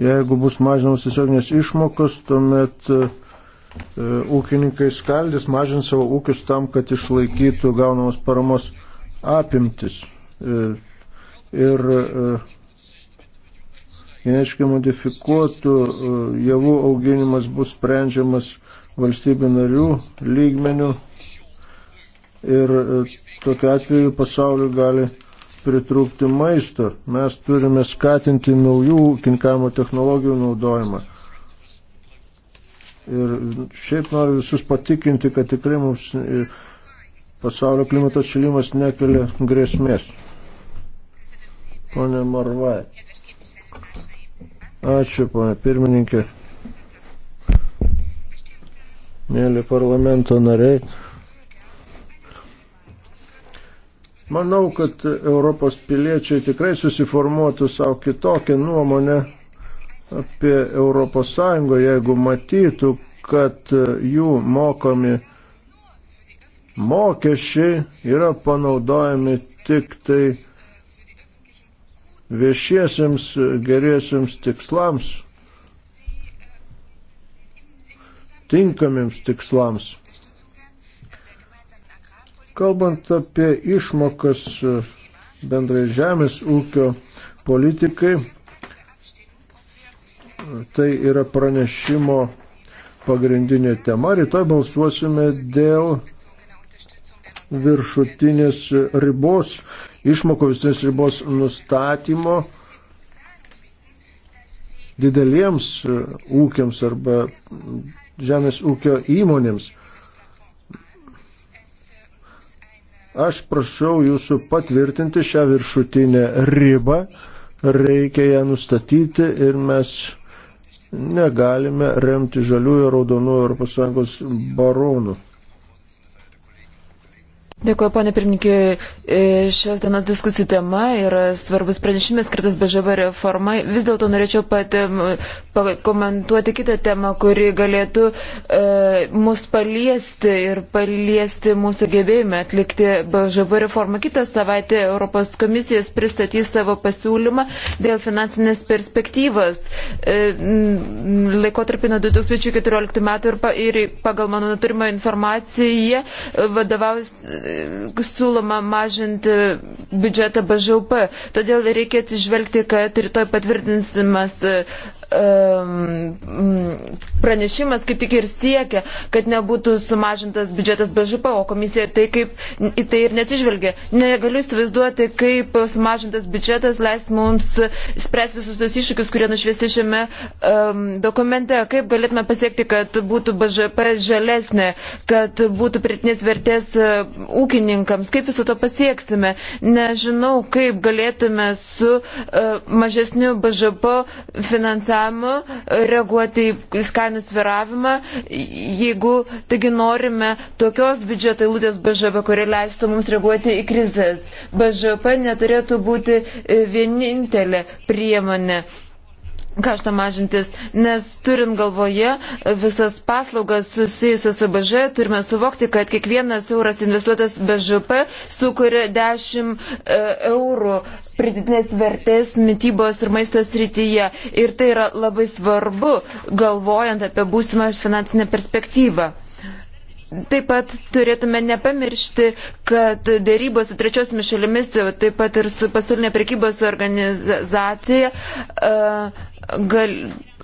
jeigu bus mažinamos tiesioginės išmokos, tuomet e, ūkininkai skaldys, mažins savo ūkius tam, kad išlaikytų gaunamos paramos apimtis. E, ir e, genetiškai modifikuotų e, javų auginimas bus sprendžiamas valstybių narių lygmenių ir e, tokiu atveju pasauliu gali pritrūkti maisto. Mes turime skatinti naujų ūkininkavimo technologijų naudojimą. Ir šiaip noriu visus patikinti, kad tikrai mums e, pasaulio klimato atšilimas nekelia grėsmės. Pone Marvai. Ačiū, pone pirmininkė. Mėly parlamento nariai. Manau, kad Europos piliečiai tikrai susiformuotų savo kitokią nuomonę apie Europos Sąjungą, jeigu matytų, kad jų mokomi mokesčiai yra panaudojami tik tai viešiesiems geriesiems tikslams, tinkamiems tikslams. Kalbant apie išmokas e, bendrai žemės ūkio politikai, tai yra pranešimo pagrindinė tema. Rytoj balsuosime dėl viršutinės ribos, išmokų viršutinės ribos nustatymo dideliems e, ūkiams arba žemės ūkio įmonėms. Aš prašau jūsų patvirtinti šią viršutinę ribą, reikia ją nustatyti ir mes negalime remti žaliųjų ir raudonųjų ES baronų. Dėkuoju, ponė pirmininkė. E, šios dienos diskusijų tema yra svarbus pranešimas skirtas BŽV reformai. Vis dėlto norėčiau pat pakomentuoti kitą temą, kuri galėtų e, mus paliesti ir paliesti mūsų gebėjimą atlikti BŽV reformą. Kitą savaitę Europos komisijas pristatys savo pasiūlymą dėl finansinės perspektyvas e, laikotarpį nuo 2014 metų ir, pa, ir pagal mano turimą informaciją vadovaus e, siūloma mažinti biudžetą BŽP. Todėl reikia atsižvelgti, kad rytoj patvirtinsimas e, Mm, pranešimas kaip tik ir siekia, kad nebūtų sumažintas biudžetas BŽP, o komisija tai kaip į tai ir nesižvelgia. Negaliu įsivaizduoti, kaip sumažintas biudžetas leis mums spręs visus tos iššūkius, kurie nušviesti šiame um, dokumente. Kaip galėtume pasiekti, kad būtų BŽP žalesnė, kad būtų pritinės vertės uh, ūkininkams. Kaip viso to pasieksime? Nežinau, kaip galėtume su uh, mažesniu BŽP finansavimu programų e, reaguoti į kainų sviravimą, jeigu taigi norime tokios biudžeto eilutės BŽP, kuri leistų mums reaguoti į krizės. BŽP neturėtų būti e, vienintelė priemonė kaštą mažintis, nes turint galvoje visas paslaugas susijusias su BŽ, turime suvokti, kad kiekvienas euras investuotas BŽP sukuria 10 e, eurų pridėtinės vertės mytybos ir maisto srityje. Ir tai yra labai svarbu, galvojant apie būsimą finansinę perspektyvą. Taip pat turėtume nepamiršti, kad dėrybos su trečiosiomis šalimis, taip pat ir su pasaulinė prekybos organizacija, uh, gal,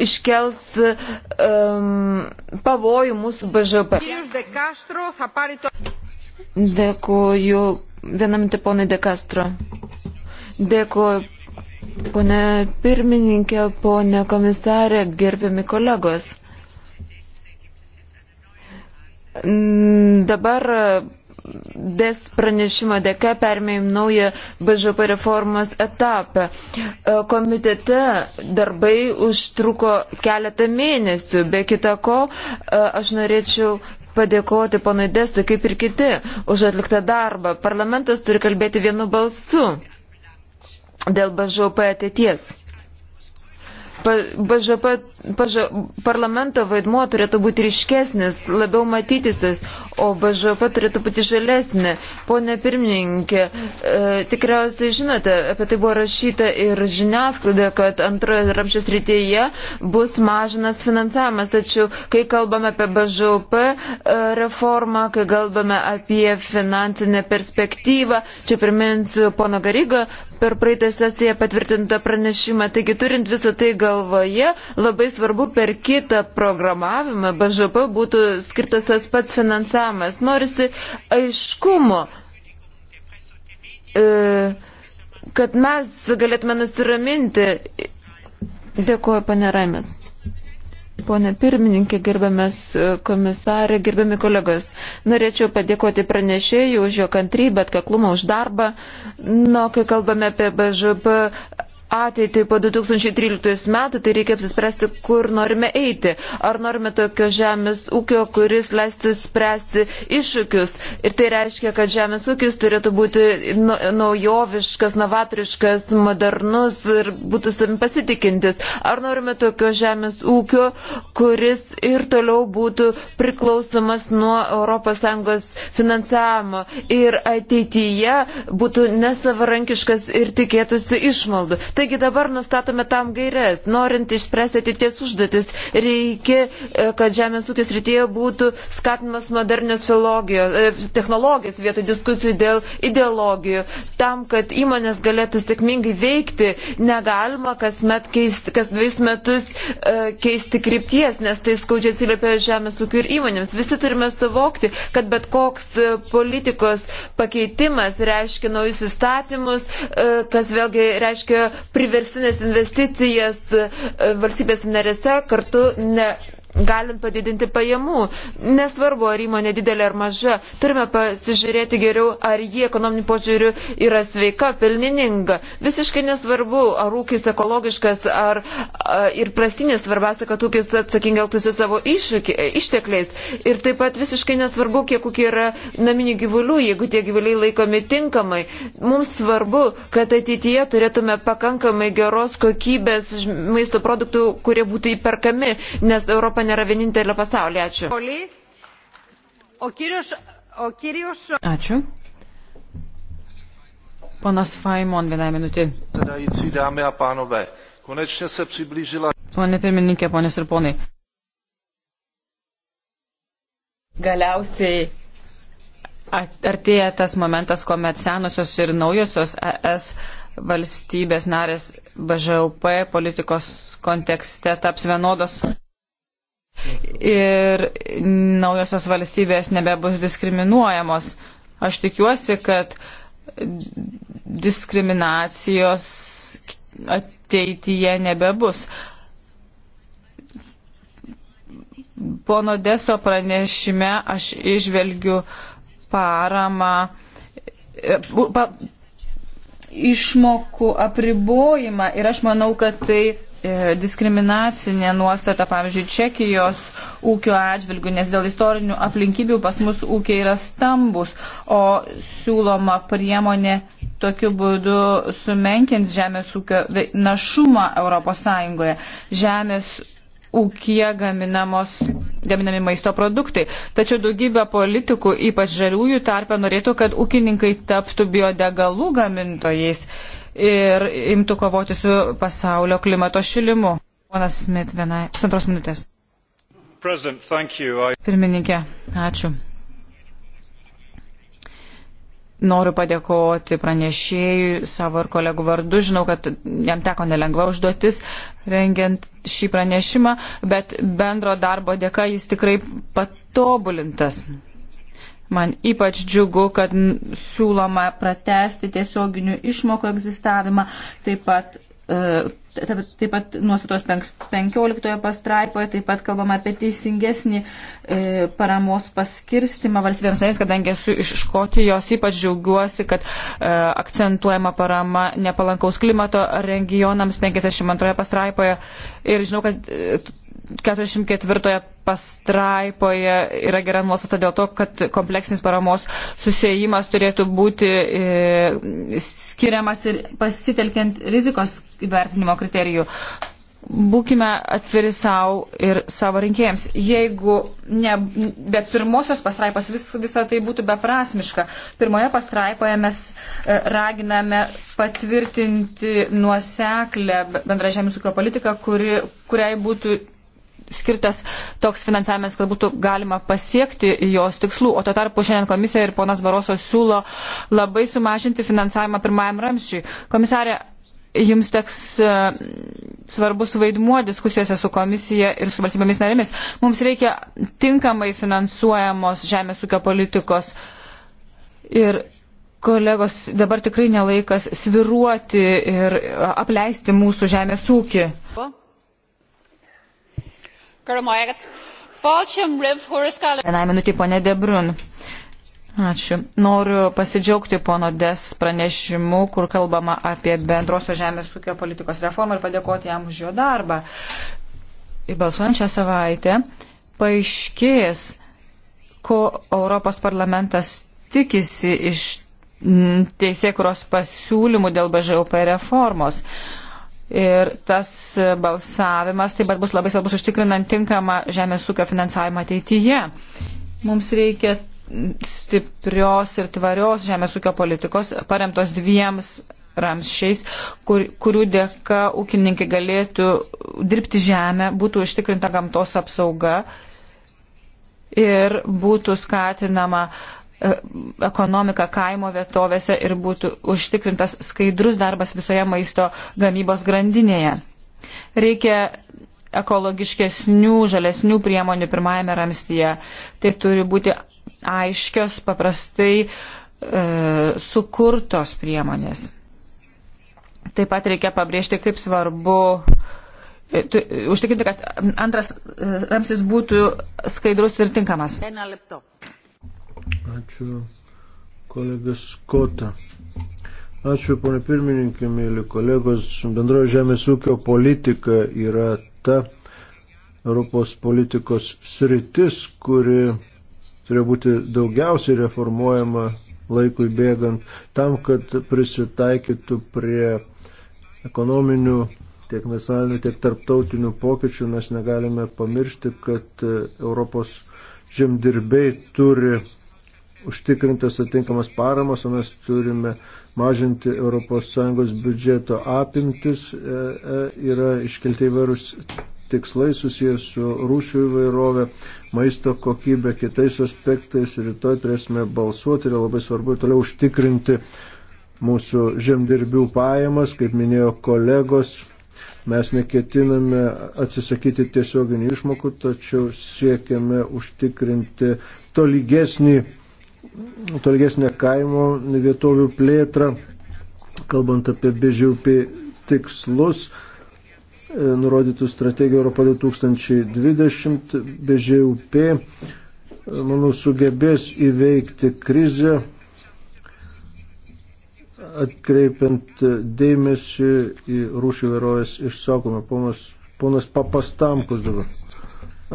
iškels um, pavojų mūsų BŽP. Dėkuoju vienam te ponai De Castro. Dėkuoju ponė pirmininkė, ponė komisarė, gerbiami kolegos. Dabar Des pranešimo dėka permėjom naują BŽP reformos etapą. E, komitete darbai užtruko keletą mėnesių. Be kita ko, e, aš norėčiau padėkoti ponui Destui, kaip ir kiti, už atliktą darbą. Parlamentas turi kalbėti vienu balsu dėl BŽP ateities. BŽP paža, parlamento vaidmuo turėtų būti ryškesnis, labiau matytis, o BŽP turėtų būti žalesnė. Pone pirmininkė, e, tikriausiai žinote, apie tai buvo rašyta ir žiniasklaidoje, kad antrojo ramšės rytyje bus mažinas finansavimas, tačiau kai kalbame apie BŽP e, reformą, kai kalbame apie finansinę perspektyvą, čia priminsiu pono Garygą per praeitą sesiją patvirtintą pranešimą, taigi turint visą tai galvoje, labai svarbu per kitą programavimą BŽP būtų skirtas tas pats finansavimas. Norisi aiškumo, e, kad mes galėtume nusiraminti. Dėkuoju, pane Raimės. Pone pirmininkė, gerbiamas e, komisarė, gerbiami kolegos, norėčiau padėkoti pranešėjų už jo kantrybę, atkaklumą, už darbą. Na, nu, kai kalbame apie BŽP ateitį po 2013 metų, tai reikia apsispręsti, kur norime eiti. Ar norime tokio žemės ūkio, kuris leistų spręsti iššūkius. Ir tai reiškia, kad žemės ūkis turėtų būti nu, naujoviškas, novatoriškas, modernus ir būtų savim pasitikintis. Ar norime tokio žemės ūkio, kuris ir toliau būtų priklausomas nuo ES finansavimo ir ateityje būtų nesavarankiškas ir tikėtųsi išmaldų. Tai Taigi dabar nustatome tam gairias. Norint išspręsti ateities užduotis, reikia, e, kad žemės ūkis rytyje būtų skatinamas modernios e, technologijos vietoj diskusijų dėl ideologijų. Tam, kad įmonės galėtų sėkmingai veikti, negalima kasmet keisti, kas dviejus metus e, keisti krypties, nes tai skaudžiai atsiliepia žemės ūkiu ir įmonėms. Visi turime suvokti, kad bet koks politikos pakeitimas reiškia naujus įstatymus, kas vėlgi reiškia priversinės investicijas e, valstybės narėse, kartu ne galint padidinti pajamų. Nesvarbu, ar įmonė didelė ar maža, turime pasižiūrėti geriau, ar jie ekonominiu požiūriu yra sveika, pelnininga. Visiškai nesvarbu, ar ūkis ekologiškas, ar a, ir prastinis, svarbiausia, kad ūkis atsakingai elgtųsi savo iššūkį, e, ištekliais. Ir taip pat visiškai nesvarbu, kiek ūkiai yra naminių gyvulių, jeigu tie gyvuliai laikomi tinkamai. Mums svarbu, kad ateityje turėtume pakankamai geros kokybės maisto produktų, kurie būtų įperkami, nes Europa priemonė nėra vienintelė pasaulyje. Ačiū. Ačiū. Ponas Faimon, vieną minutį. Pone pirmininkė, ponės ir ponai. Galiausiai artėja tas momentas, kuomet senosios ir naujosios ES valstybės narės BŽUP politikos kontekste taps vienodos ir naujosios valstybės nebebus diskriminuojamos. Aš tikiuosi, kad diskriminacijos ateityje nebebus. Pono Deso pranešime aš išvelgiu paramą, e, pa, išmokų apribojimą ir aš manau, kad tai E, diskriminacinė nuostata, pavyzdžiui, Čekijos ūkio atžvilgių, nes dėl istorinių aplinkybių pas mus ūkiai yra stambus, o siūloma priemonė tokiu būdu sumenkins žemės ūkio našumą ES. Žemės ūkie gaminamos, gaminami maisto produktai. Tačiau daugybė politikų, ypač žaliųjų tarpe, norėtų, kad ūkininkai taptų biodegalų gamintojais. E, ir imtų kovoti su pasaulio klimato šilimu. Ponas Smith, vienai, pusantros minutės. Pirmininkė, ačiū. Noriu padėkoti pranešėjui savo ir kolegų vardu. Žinau, kad jam teko nelengva užduotis rengiant šį pranešimą, bet bendro darbo dėka jis tikrai patobulintas. Man ypač džiugu, kad siūloma pratesti tiesioginių išmokų egzistavimą, taip pat e, taip pat nuostatos 15 pastraipoje, taip pat kalbama apie teisingesnį e, paramos paskirstimą valstybėms narėms, kadangi esu iš Škotijos, ypač džiaugiuosi, kad e, akcentuojama parama nepalankaus klimato regionams 52 pastraipoje ir žinau, kad 44 pastraipoje yra gera nuostata dėl to, kad kompleksinis paramos susijimas turėtų būti e, skiriamas ir pasitelkiant rizikos vertinimo kriterijų. Būkime atviri savo ir savo rinkėjams. Jeigu ne, be pirmosios pastraipos vis, visą tai būtų beprasmiška, pirmoje pastraipoje mes e, raginame patvirtinti nuoseklę bendražėmės ūkio politiką, kuri, kuriai būtų skirtas toks finansavimas, kad būtų galima pasiekti jos tikslų. O to tarpu šiandien komisija ir ponas Baroso siūlo labai sumažinti finansavimą pirmajam ramščiui. Komisarė, jums teks e, svarbus vaidmuo diskusijose su komisija ir su valstybėmis narėmis. Mums reikia tinkamai finansuojamos žemės ūkio politikos. Ir kolegos, dabar tikrai nelaikas sviruoti ir apleisti mūsų žemės ūkį. Vienai minutį, ponė Debrun. Ačiū. Noriu pasidžiaugti pono Des pranešimu, kur kalbama apie bendrosios žemės ūkio politikos reformą ir padėkoti jam už jo darbą. Įbalsuojant šią savaitę paaiškės, ko Europos parlamentas tikisi iš teisėkuros pasiūlymų dėl BŽUP reformos. Ir tas balsavimas taip pat bus labai svarbus užtikrinant tinkamą žemės ūkio finansavimą ateityje. Mums reikia stiprios ir tvarios žemės ūkio politikos, paremtos dviems ramščiais, kur, kurių dėka ūkininkai galėtų dirbti žemę, būtų užtikrinta gamtos apsauga ir būtų skatinama uh, E, ekonomiką kaimo vietovėse ir būtų užtikrintas skaidrus darbas visoje maisto gamybos grandinėje. Reikia ekologiškesnių, žalesnių priemonių pirmajame ramstyje. Tai turi būti aiškios, paprastai e, sukurtos priemonės. Taip pat reikia pabrėžti, kaip svarbu e, tu, užtikrinti, kad antras e, ramsis būtų skaidrus ir tinkamas. Ačiū kolega Skota. Ačiū, ponė pirmininkė, mėly kolegos. Bendroji žemės ūkio politika yra ta Europos politikos sritis, kuri turėjo būti daugiausiai reformuojama laikui bėgant, tam, kad prisitaikytų prie ekonominių tiek nacionalinių, tiek tarptautinių pokyčių. Mes negalime pamiršti, kad Europos žemdirbiai turi užtikrintas atinkamas paramos, o mes turime mažinti ES biudžeto apimtis, e, e, yra iškelti įvairūs tikslai susijęs su rūšių įvairovė, maisto kokybė, kitais aspektais. Rytoj turėsime balsuoti ir labai svarbu toliau užtikrinti mūsų žemdirbių pajamas, kaip minėjo kolegos. Mes neketiname atsisakyti tiesioginių išmokų, tačiau siekiame užtikrinti tolygesnį tolygesnę kaimo vietovių plėtrą, kalbant apie bežiūpį tikslus, e, nurodytų strategiją Europą 2020, BŽUP, manau, sugebės įveikti krizę, atkreipiant dėmesį į rūšių vėrovės išsakomą. Ponas, ponas Papastamkus dabar.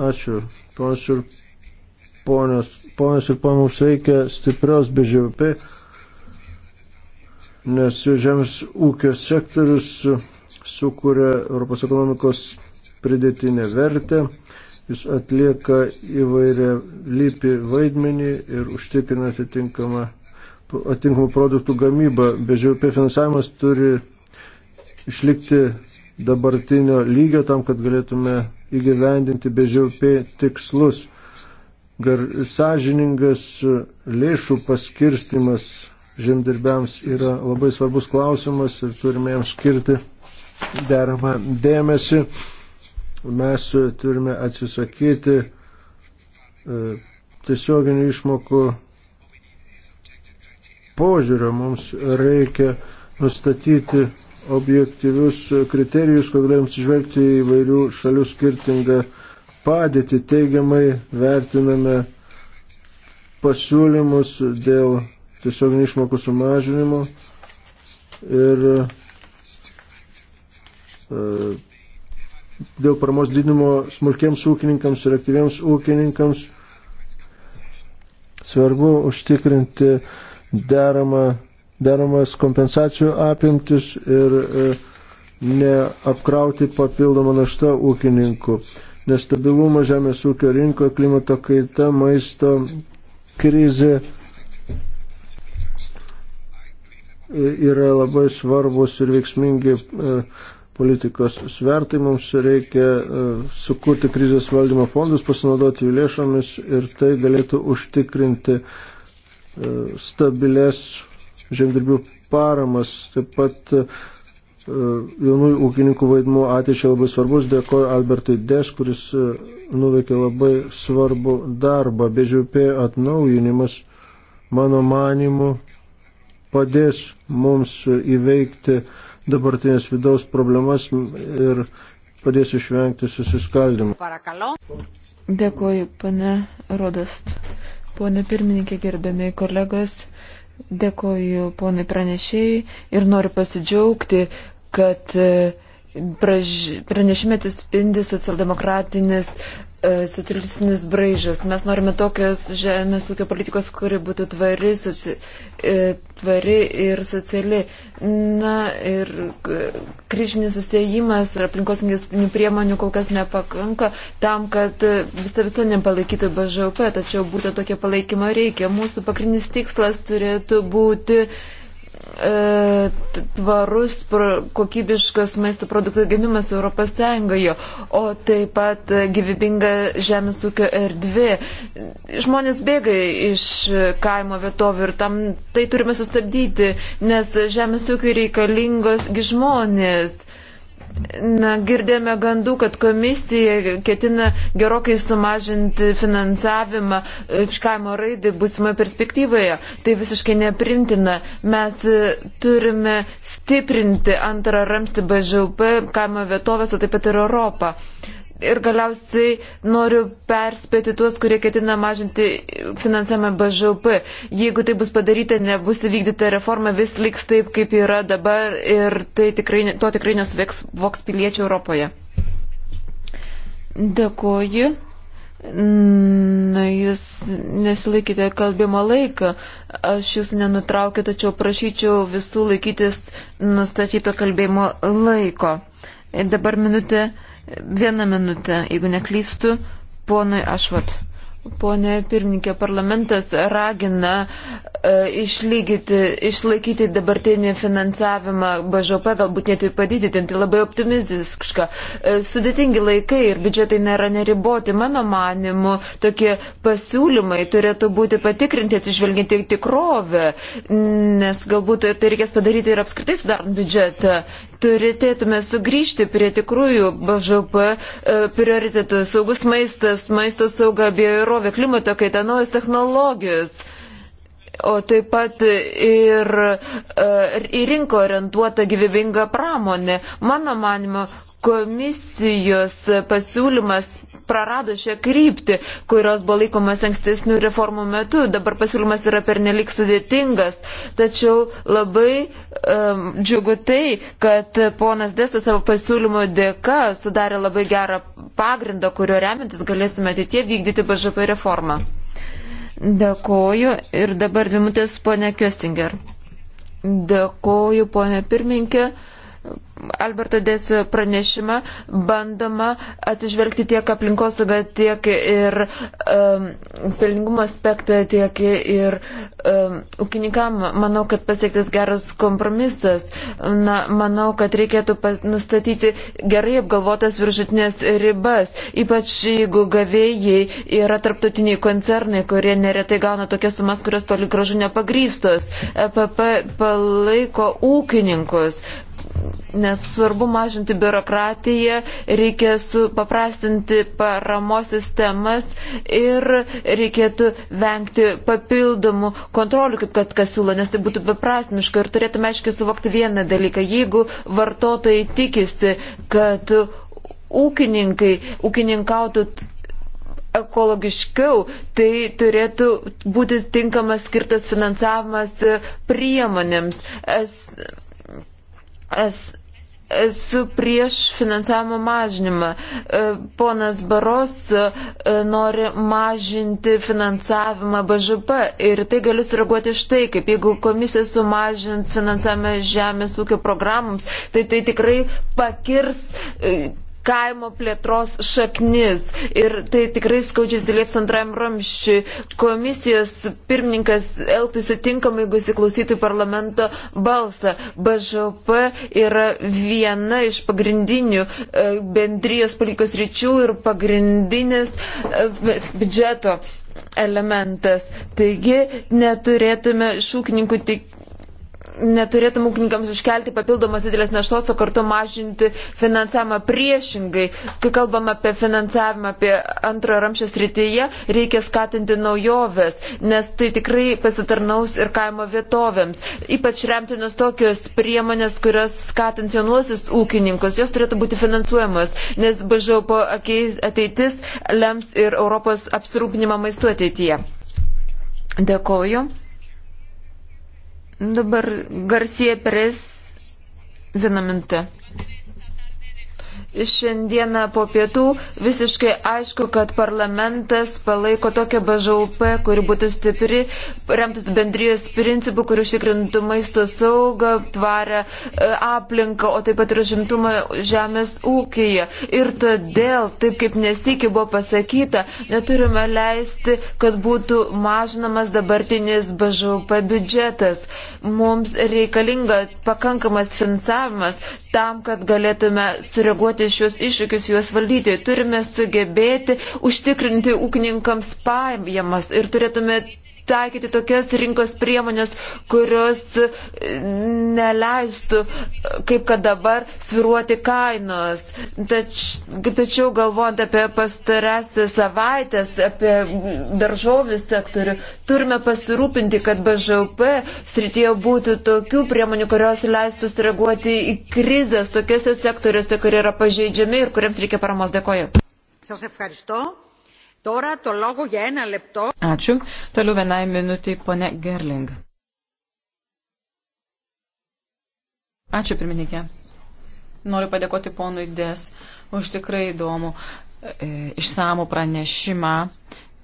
Ačiū. Ponas ir ponios, ponios ir ponai, mums reikia stiprios bežiaupiai, nes žemės ūkio sektorius sukuria Europos ekonomikos pridėtinę vertę, jis atlieka įvairią lypį vaidmenį ir užtikrina atitinkamą, atitinkamą produktų gamybą. BŽP finansavimas turi išlikti dabartinio lygio tam, kad galėtume įgyvendinti BŽP tikslus gar, sąžiningas lėšų paskirstimas žemdirbiams yra labai svarbus klausimas ir turime jam skirti deramą dėmesį. Mes turime atsisakyti e, tiesioginių išmokų požiūrio. Mums reikia nustatyti objektyvius kriterijus, kad galim atsižvelgti į vairių šalių skirtingą padėtį teigiamai vertiname pasiūlymus dėl tiesioginių išmokų sumažinimo ir e, dėl paramos didinimo smulkiems ūkininkams ir aktyviems ūkininkams svarbu užtikrinti deramą, deramas kompensacijų apimtis ir e, neapkrauti papildomą naštą ūkininkų nestabilumas žemės ūkio rinkoje, klimato kaita, maisto krizė yra labai svarbus ir veiksmingi e, politikos svertai. Mums reikia e, sukurti krizės valdymo fondus, pasinaudoti jų lėšomis ir tai galėtų užtikrinti e, stabilės žemdirbių paramas. Taip pat E, jaunųjų ūkininkų vaidmuo ateičiai labai svarbus. Dėkoju Albertui Des, kuris e, nuveikė labai svarbu darbą. Bežiupė atnaujinimas, mano manimu, padės mums įveikti dabartinės vidaus problemas ir padės išvengti susiskaldimų. Dėkoju, pane Rodast. Pone pirmininkė, gerbiami kolegos. Dėkoju ponai pranešėjai ir noriu pasidžiaugti, kad e, pranešime atsispindi socialdemokratinis E, socialistinis braižas. Mes norime tokios žemės ūkio politikos, kuri būtų tvari, soci, e, tvari ir sociali. Na ir kryžinis susijėjimas ir aplinkosingės priemonių kol kas nepakanka tam, kad visa visuomenė palaikytų BŽP, tačiau būtent tokio palaikymo reikia. Mūsų pagrindinis tikslas turėtų būti uh, E, tvarus kokybiškas maisto produktų gimimas Europos Sąjungoje, o taip pat e, gyvybinga žemės ūkio erdvė. Žmonės bėga iš kaimo vietovių ir tam tai turime sustabdyti, nes žemės ūkiai reikalingos žmonės. Na, girdėjome gandų, kad komisija ketina gerokai sumažinti finansavimą e, kaimo raidai būsimą perspektyvoje. Tai visiškai neprimtina. Mes e, turime stiprinti antrą ramstį BŽUP kaimo vietovės, o taip pat ir Europą. Uh, Ir galiausiai noriu perspėti tuos, kurie ketina mažinti finansavimą BŽP. Jeigu tai bus padaryta, nebus įvykdyta reforma, vis liks taip, kaip yra dabar ir tai tikrai, to tikrai nesveiks voks piliečių Europoje. Dėkuoju. Na, jūs nesilaikite kalbimo laiką. Aš jūs nenutraukiu, tačiau prašyčiau visų laikytis nustatyto kalbėjimo laiko. Ir dabar minutė Vieną minutę, jeigu neklystu, ponui Ašvat. Pone pirmininkė, parlamentas ragina e, išlygyti, išlaikyti dabartinį finansavimą BŽP, galbūt net ir padidinti, tai labai optimistiška. E, sudėtingi laikai ir biudžetai nėra neriboti. Mano manimu, tokie pasiūlymai turėtų būti patikrinti, atsižvelginti į tikrovę, nes galbūt tai reikės padaryti ir apskritai sudarant biudžetą. Tai turėtume sugrįžti prie tikrųjų BŽP e, prioritetų - saugus maistas, maisto sauga, bioįrovė, klimato kaita, naujas technologijos o taip pat ir e, į rinką orientuota gyvybinga pramonė. Mano manimo, komisijos pasiūlymas prarado šią kryptį, kurios buvo laikomas ankstesnių reformų metu. Dabar pasiūlymas yra pernelik sudėtingas. Tačiau labai um, džiugu tai, kad ponas Desas savo pasiūlymo dėka sudarė labai gerą pagrindą, kurio remintis galėsime ateitie vykdyti BŽP reformą. Dėkoju ir dabar dvi minutės ponė Kestinger. Dėkoju ponė pirminkė. Alberto Dės pranešimą bandoma atsižvelgti tiek aplinkosaugą, tiek ir um, pelningumo aspektą, tiek ir um, ūkininkam. Manau, kad pasiektas geras kompromisas. Na, manau, kad reikėtų pas, nustatyti gerai apgalvotas viršutinės ribas, ypač jeigu gavėjai yra tarptautiniai koncernai, kurie neretai gauna tokias sumas, kurios toli gražu nepagrystos. EPP palaiko ūkininkus nes svarbu mažinti biurokratiją, reikia supaprastinti paramos sistemas ir reikėtų vengti papildomų kontrolių, kaip kad kas siūlo, nes tai būtų beprasmiška ir turėtume aiškiai suvokti vieną dalyką. Jeigu vartotojai tikisi, kad ūkininkai ūkininkautų ekologiškiau, tai turėtų būti tinkamas skirtas finansavimas priemonėms. Es, es esu prieš finansavimo mažinimą. E, ponas Baros e, nori mažinti finansavimą BŽP ir tai galiu sureaguoti štai, kaip jeigu komisija sumažins finansavimą žemės ūkio programams, tai tai tikrai pakirs e, kaimo plėtros šaknis ir tai tikrai skaudžiai atsilieps antrajam ramščiui. Komisijos pirmininkas elgtųsi tinkamai, jeigu įsiklausytų parlamento balsą. BŽP yra viena iš pagrindinių e, bendrijos politikos ryčių ir pagrindinis e, biudžeto elementas. Taigi neturėtume šūkininkų tik neturėtum ūkininkams iškelti papildomas didelės naštos, o kartu mažinti finansavimą priešingai. Kai kalbam apie finansavimą, apie antrojo ramšės rytyje, reikia skatinti naujoves, nes tai tikrai pasitarnaus ir kaimo vietovėms. Ypač remtinos tokios priemonės, kurios skatins jaunuosius ūkininkus, jos turėtų būti finansuojamos, nes BŽP ateitis lems ir Europos apsirūpinimą maistu ateityje. Dėkoju. Dabar Garcija Perez vieną minutę šiandieną po pietų visiškai aišku, kad parlamentas palaiko tokią BŽUP, kuri būtų stipri, remtis bendrijos principų, kuri užtikrintų maisto saugą, tvarę e, aplinką, o taip pat ir žimtumą žemės ūkyje. Ir todėl, taip kaip nesikį buvo pasakyta, neturime leisti, kad būtų mažinamas dabartinis BŽUP biudžetas. Mums reikalinga pakankamas finansavimas tam, kad galėtume sureaguoti šios iššūkius, juos valdyti. Turime sugebėti užtikrinti ūkininkams pajamas ir turėtume taikyti tokias rinkos priemonės, kurios e, neleistų, kaip kad dabar, sviruoti kainos. Tač, tačiau galvojant apie pastaręsią savaitęs, apie daržovių sektorių, turime pasirūpinti, kad BŽP srityje būtų tokių priemonių, kurios leistų sureaguoti į krizės tokiuose sektoriuose, kurie yra pažeidžiami ir kuriems reikia paramos. Dėkoju. Σας ευχαριστώ. Ačiū. Toliau vienai minutiai, ponė Gerling. Ačiū, pirmininkė. Noriu padėkoti ponui Dės už tikrai įdomų e, išsamų pranešimą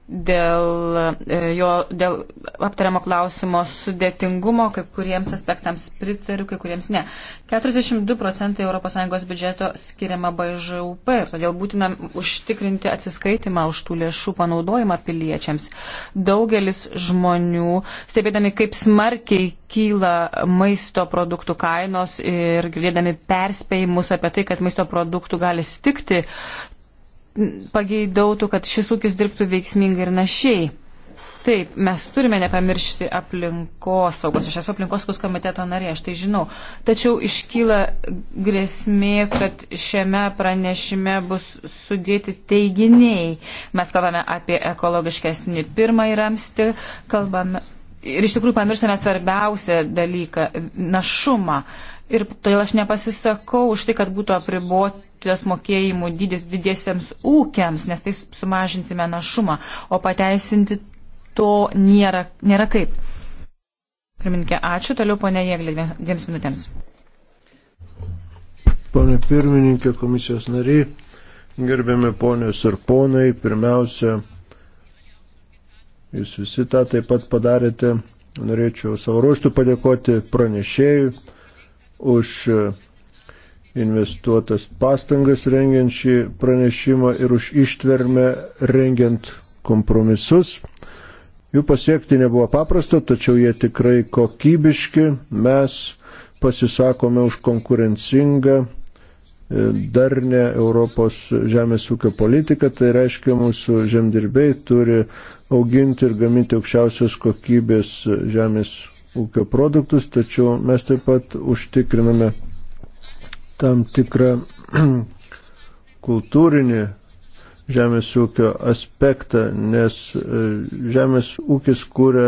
dėl, e, jo, dėl aptariamo klausimo sudėtingumo, kai kuriems aspektams pritariu, kai kuriems ne. 42 procentai ES biudžeto skiriama BŽUP ir todėl būtina užtikrinti atsiskaitimą už tų lėšų panaudojimą piliečiams. Daugelis žmonių, stebėdami, kaip smarkiai kyla maisto produktų kainos ir girdėdami perspėjimus apie tai, kad maisto produktų gali stikti, pageidautų, kad šis ūkis dirbtų veiksmingai ir našiai. Taip, mes turime nepamiršti aplinkosaugos. Aš esu aplinkosaugos komiteto narė, aš tai žinau. Tačiau iškyla grėsmė, kad šiame pranešime bus sudėti teiginiai. Mes kalbame apie ekologiškesnį pirmąjį ramstį, kalbame. Ir iš tikrųjų pamirštame svarbiausią dalyką - našumą. Ir todėl aš nepasisakau už tai, kad būtų apribot, produkcijos mokėjimų dydis didiesiems ūkiams, nes tai sumažinsime našumą, o pateisinti to nėra, nėra kaip. Pirmininkė, ačiū. Toliau ponė Jėglė dviems, dviems minutėms. Pone pirmininkė, komisijos nariai, gerbiami ponios ir ponai, pirmiausia, jūs visi tą taip pat padarėte. Norėčiau savo ruoštų padėkoti pranešėjui už investuotas pastangas rengiant šį pranešimą ir už ištvermę rengiant kompromisus. Jų pasiekti nebuvo paprasta, tačiau jie tikrai kokybiški. Mes pasisakome už konkurencingą, e, darnę Europos žemės ūkio politiką. Tai reiškia, mūsų žemdirbiai turi auginti ir gaminti aukščiausios kokybės žemės ūkio produktus, tačiau mes taip pat užtikriname tam tikrą kultūrinį žemės ūkio aspektą, nes e, žemės ūkis kūrė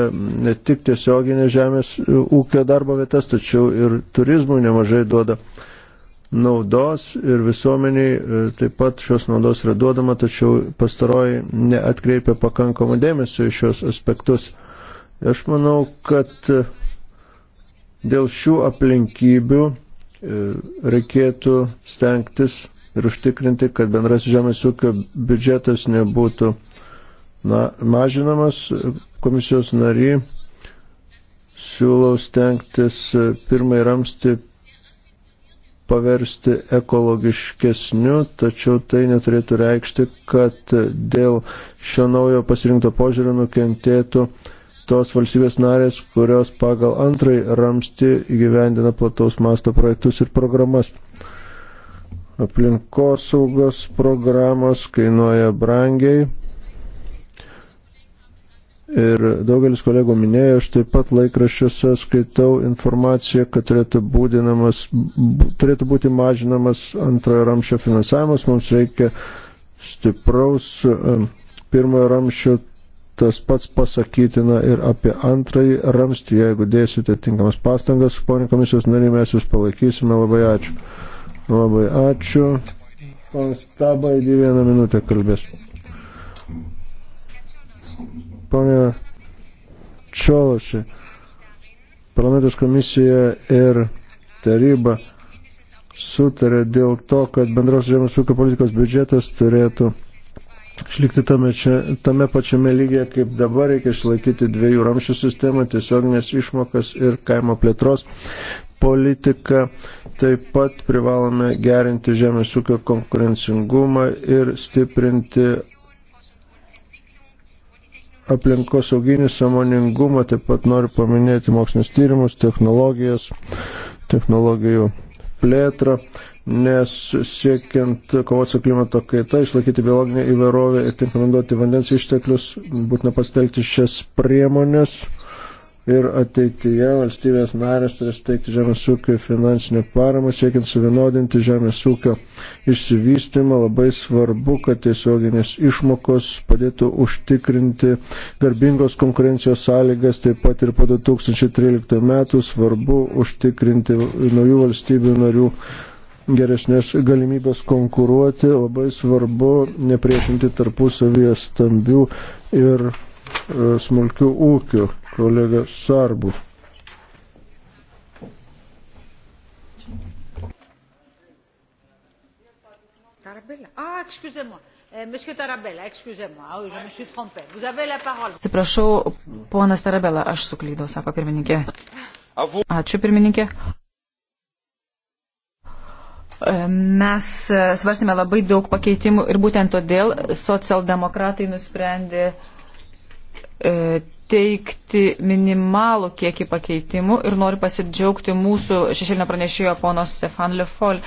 ne tik tiesioginę žemės e, ūkio darbo vietas, tačiau ir turizmui nemažai duoda naudos ir visuomeniai e, taip pat šios naudos yra duodama, tačiau pastaroji neatkreipia pakankamą dėmesio į šios aspektus. Aš manau, kad dėl šių aplinkybių E, reikėtų stengtis ir užtikrinti, kad bendras žemės ūkio biudžetas nebūtų na, mažinamas. Komisijos nariai siūlau stengtis pirmai ramsti paversti ekologiškesniu, tačiau tai neturėtų reikšti, kad dėl šio naujo pasirinkto požiūrio nukentėtų uh, tos valstybės narės, kurios pagal antrąjį ramstį įgyvendina plataus masto projektus ir programas. Aplinkosaugos programos kainuoja brangiai. Ir daugelis kolegų minėjo, aš taip pat laikraščiuose skaitau informaciją, kad turėtų, turėtų būti mažinamas antrojo ramščio finansavimas. Mums reikia stipraus um, pirmojo ramščio Tas pats pasakytina ir apie antrąjį ramstį. Jeigu dėsite tinkamas pastangas, ponė komisijos nariai, mes jūs palaikysime. Labai ačiū. Labai ačiū. Ponas Tabai, į vieną minutę kalbės. Pone Čiološi, parlamentas komisija ir taryba sutarė dėl to, kad bendros žemės ūkio politikos biudžetas turėtų išlikti tame, čia, tame pačiame lygiai, kaip dabar reikia išlaikyti dviejų ramščių sistemą, tiesioginės išmokas ir kaimo plėtros politiką. Taip pat privalome gerinti žemės ūkio konkurencingumą ir stiprinti aplinkos auginį samoningumą. Taip pat noriu paminėti mokslinis tyrimus, technologijas, technologijų plėtrą nes siekiant kovoti su klimato kaita, išlaikyti biologinę įvairovę ir tinkamai naudoti vandens išteklius, būtina pastelgti šias priemonės ir ateityje valstybės narės turės teikti žemės ūkio finansinę paramą, siekiant suvienodinti žemės ūkio išsivystymą. Labai svarbu, kad tiesioginės išmokos padėtų užtikrinti garbingos konkurencijos sąlygas, taip pat ir po 2013 metų svarbu užtikrinti naujų valstybių narių geresnės galimybės konkuruoti, labai svarbu nepriešinti tarpusavyje stambių ir e, smulkių ūkių, kolega Sarbu. Ah, eh, ah Atsiprašau, ponas Tarabela, aš suklydau, sako pirmininkė. Ačiū pirmininkė. Mes e, svarstėme labai daug pakeitimų ir būtent todėl socialdemokratai nusprendė e, teikti minimalų kiekį pakeitimų ir noriu pasidžiaugti mūsų šešėlinio pranešėjo pono Stefan Lefol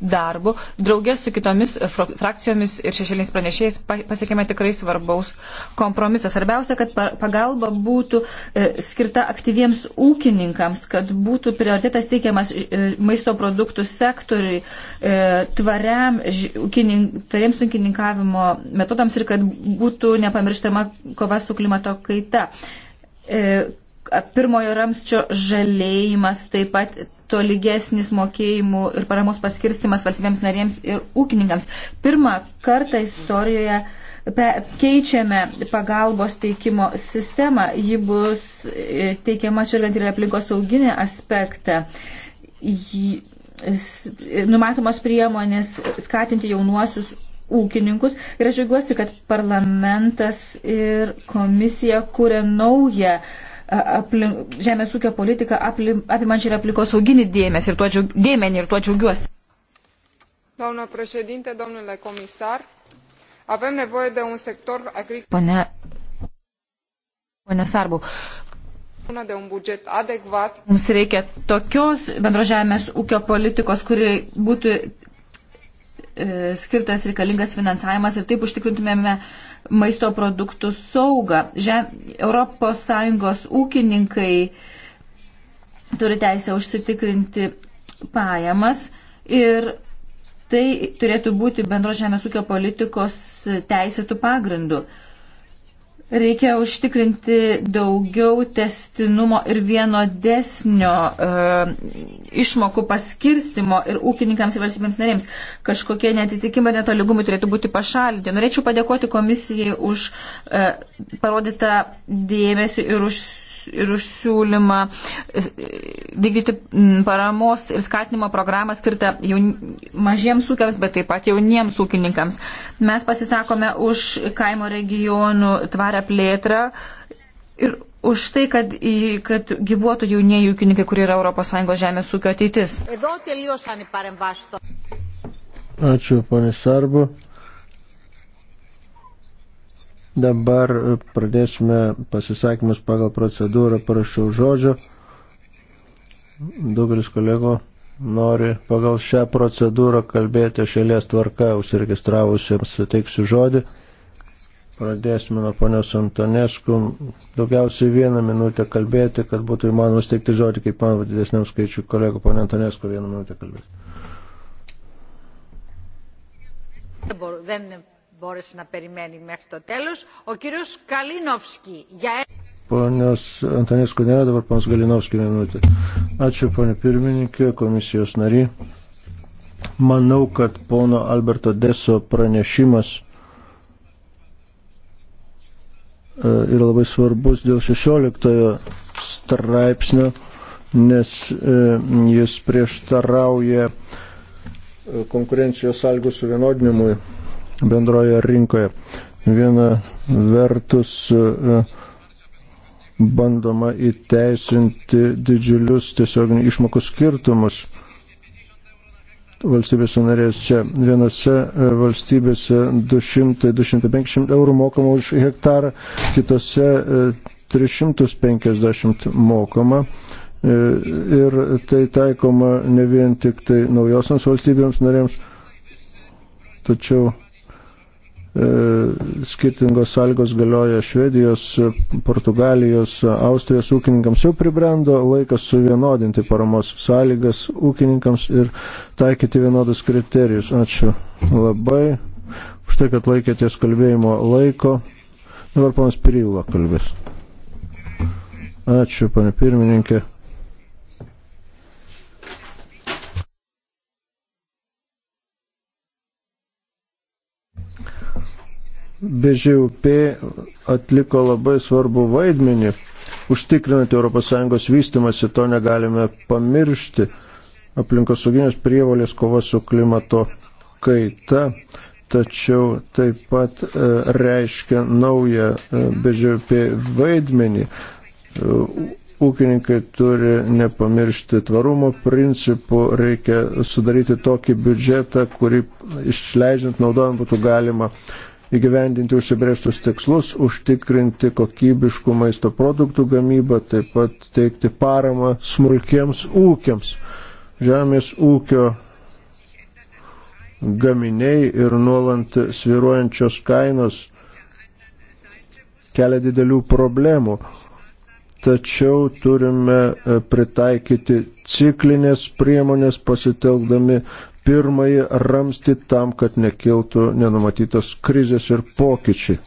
darbu, draugė su kitomis frakcijomis ir šešėliais pranešėjais pasiekėme tikrai svarbaus kompromiso. Svarbiausia, kad pagalba būtų e, skirta aktyviems ūkininkams, kad būtų prioritetas teikiamas e, maisto produktų sektoriui, e, tvariam, tvariems ūkininkavimo metodams ir kad būtų nepamirštama kova su klimato kaita pirmojo ramsčio žalėjimas, taip pat tolygesnis mokėjimų ir paramos paskirstimas valstybėms narėms ir ūkininkams. Pirmą kartą istorijoje keičiame pagalbos teikimo sistemą. Ji bus e, teikiama šiandien ir aplinkos sauginį aspektą. E, numatomos priemonės skatinti jaunuosius ūkininkus ir aš žiūriuosi, kad parlamentas ir komisija kūrė naują uh, aplink, žemės ūkio politiką apimančią ir aplikos sauginį dėmesį ir tuo, džiug, dėmenį, ir tuo džiaugiuosi. Doamnă președinte, domnule comisar, avem nevoie de un sector agricol. Pane, pane Sarbu, de un buget adecvat. Mums reikia tokios bendrožemės ūkio politikos, kuri būtų E, skirtas reikalingas finansavimas ir taip užtikrintumėme maisto produktų saugą. Žem, ES ūkininkai turi teisę užsitikrinti pajamas ir tai turėtų būti bendro žemės ūkio politikos teisėtų pagrindų. Reikia užtikrinti daugiau testinumo ir vienodesnio e, išmokų paskirstimo ir ūkininkams ir valstybėms narėms. Kažkokie netitikimai ir netoligumai turėtų būti pašalinti. Norėčiau padėkoti komisijai už e, parodytą dėmesį ir už ir už siūlymą vykdyti paramos ir skatinimo programą skirtą jaun... mažiems ūkiams, bet taip pat jauniems ūkininkams. Mes pasisakome už kaimo regionų tvarę plėtrą ir už tai, kad, kad gyvuotų jaunieji ūkininkai, kurie yra ES žemės ūkio ateitis. Ačiū, ponė Sarbu. Dabar pradėsime pasisakymus pagal procedūrą, parašiau žodžio. Daugelis kolegų nori pagal šią procedūrą kalbėti šėlės tvarka užsiregistravusiems suteiksiu žodį. Pradėsime nuo ponios Antonesku. Daugiausiai vieną minutę kalbėti, kad būtų įmanoma steigti žodį, kaip man didesniam skaičiu kolegų. Pone Antonesku, vieną minutę kalbėti μπόρεσε να περιμένει μέχρι το τέλος. Ο κύριος Καλίνοφσκι. Για... Ponios Antonės Kunėra, dabar panas Galinovskį minutę. Ačiū, ponė pirmininkė, komisijos nary. Manau, kad pono Alberto Deso pranešimas e, yra labai svarbus dėl 16 straipsnio, nes e, jis prieštarauja e, konkurencijos algų suvienodinimui bendroje rinkoje. Viena vertus e, bandoma įteisinti didžiulius tiesioginių išmokų skirtumus valstybėse narėse. Vienose e, valstybėse 200-250 eurų mokama už hektarą, kitose 350 e, mokama. Ir tai taikoma ne vien tik tai naujosiams valstybėms narėms, tačiau E, skirtingos sąlygos galioja Švedijos, Portugalijos, Austrijos ūkininkams. Jau pribrendo laikas suvienodinti paramos sąlygas ūkininkams ir taikyti vienodus kriterijus. Ačiū labai už tai, kad laikėties kalbėjimo laiko. Dabar panas Pirilo kalbės. Ačiū, pane pirmininkė. BŽUP atliko labai svarbu vaidmenį, užtikrinant ES vystimasi, to negalime pamiršti. Aplinkosauginės prievalės kova su klimato kaita, tačiau taip pat e, reiškia naują e, BŽUP vaidmenį. E, ūkininkai turi nepamiršti tvarumo principų, reikia sudaryti tokį biudžetą, kurį išleidžiant naudojant būtų galima uh, įgyvendinti užsibrėžtus tikslus, užtikrinti kokybiškų maisto produktų gamybą, taip pat teikti paramą smulkiems ūkiams. Žemės ūkio gaminiai ir nuolant sviruojančios kainos kelia didelių problemų. Tačiau turime pritaikyti ciklinės priemonės pasitelkdami pirmąjį ramstį tam, kad nekiltų nenumatytos krizės ir pokyčiai.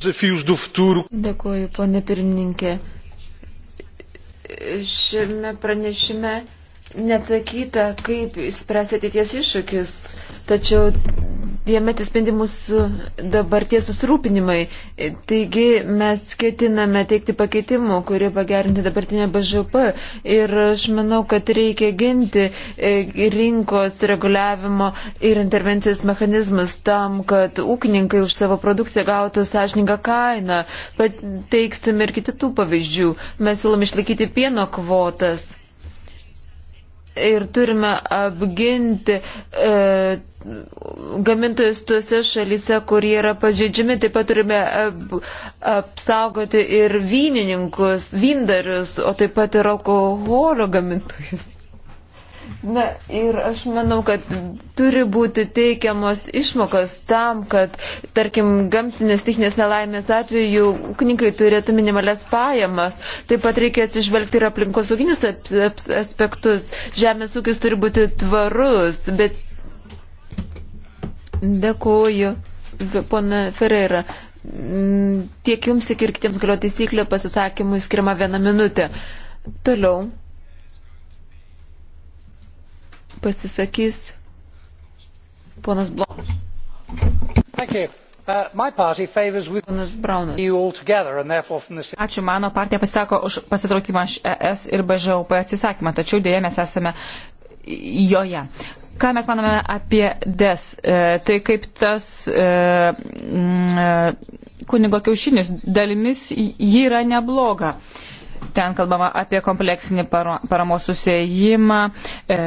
Dėkuoju, ponė pirmininkė. Šiame pranešime neatsakyta, kaip išspręsti ateities iššūkius, tačiau jame atsispindi mūsų e, dabarties susirūpinimai. E, taigi mes ketiname teikti pakeitimų, kurie pagerinti dabartinę BŽP. Ir aš manau, kad reikia ginti e, rinkos reguliavimo ir intervencijos mechanizmus tam, kad ūkininkai už savo produkciją gautų sąžininką kainą. Pateiksim ir kitų pavyzdžių. Mes siūlom išlaikyti pieno kvotas ir turime apginti e, gamintojus tuose šalyse, kurie yra pažeidžiami, taip pat turime ap, apsaugoti ir vynininkus, vyndarius, o taip pat ir alkoholio gamintojus. Na ir aš manau, kad turi būti teikiamos išmokos tam, kad, tarkim, gamtinės techninės nelaimės atveju ūkininkai turėtų minimales pajamas. Taip pat reikia atsižvelgti ir aplinkosauginius aspektus. Žemės ūkis turi būti tvarus, bet. Dėkuoju, pana Ferreira. Tiek jums, tiek ir kitiems galio taisyklė pasisakymui skirima viena minutė. Toliau pasisakys ponas Blokas. Uh, Ačiū, mano partija pasisako už pasitraukimą iš ES ir BŽUP atsisakymą, tačiau dėje mes esame joje. Ką mes manome apie DES? E, tai kaip tas e, m, e, kunigo kiaušinis dalimis, ji yra nebloga. E, Ten kalbama apie kompleksinį paramos susijimą, e,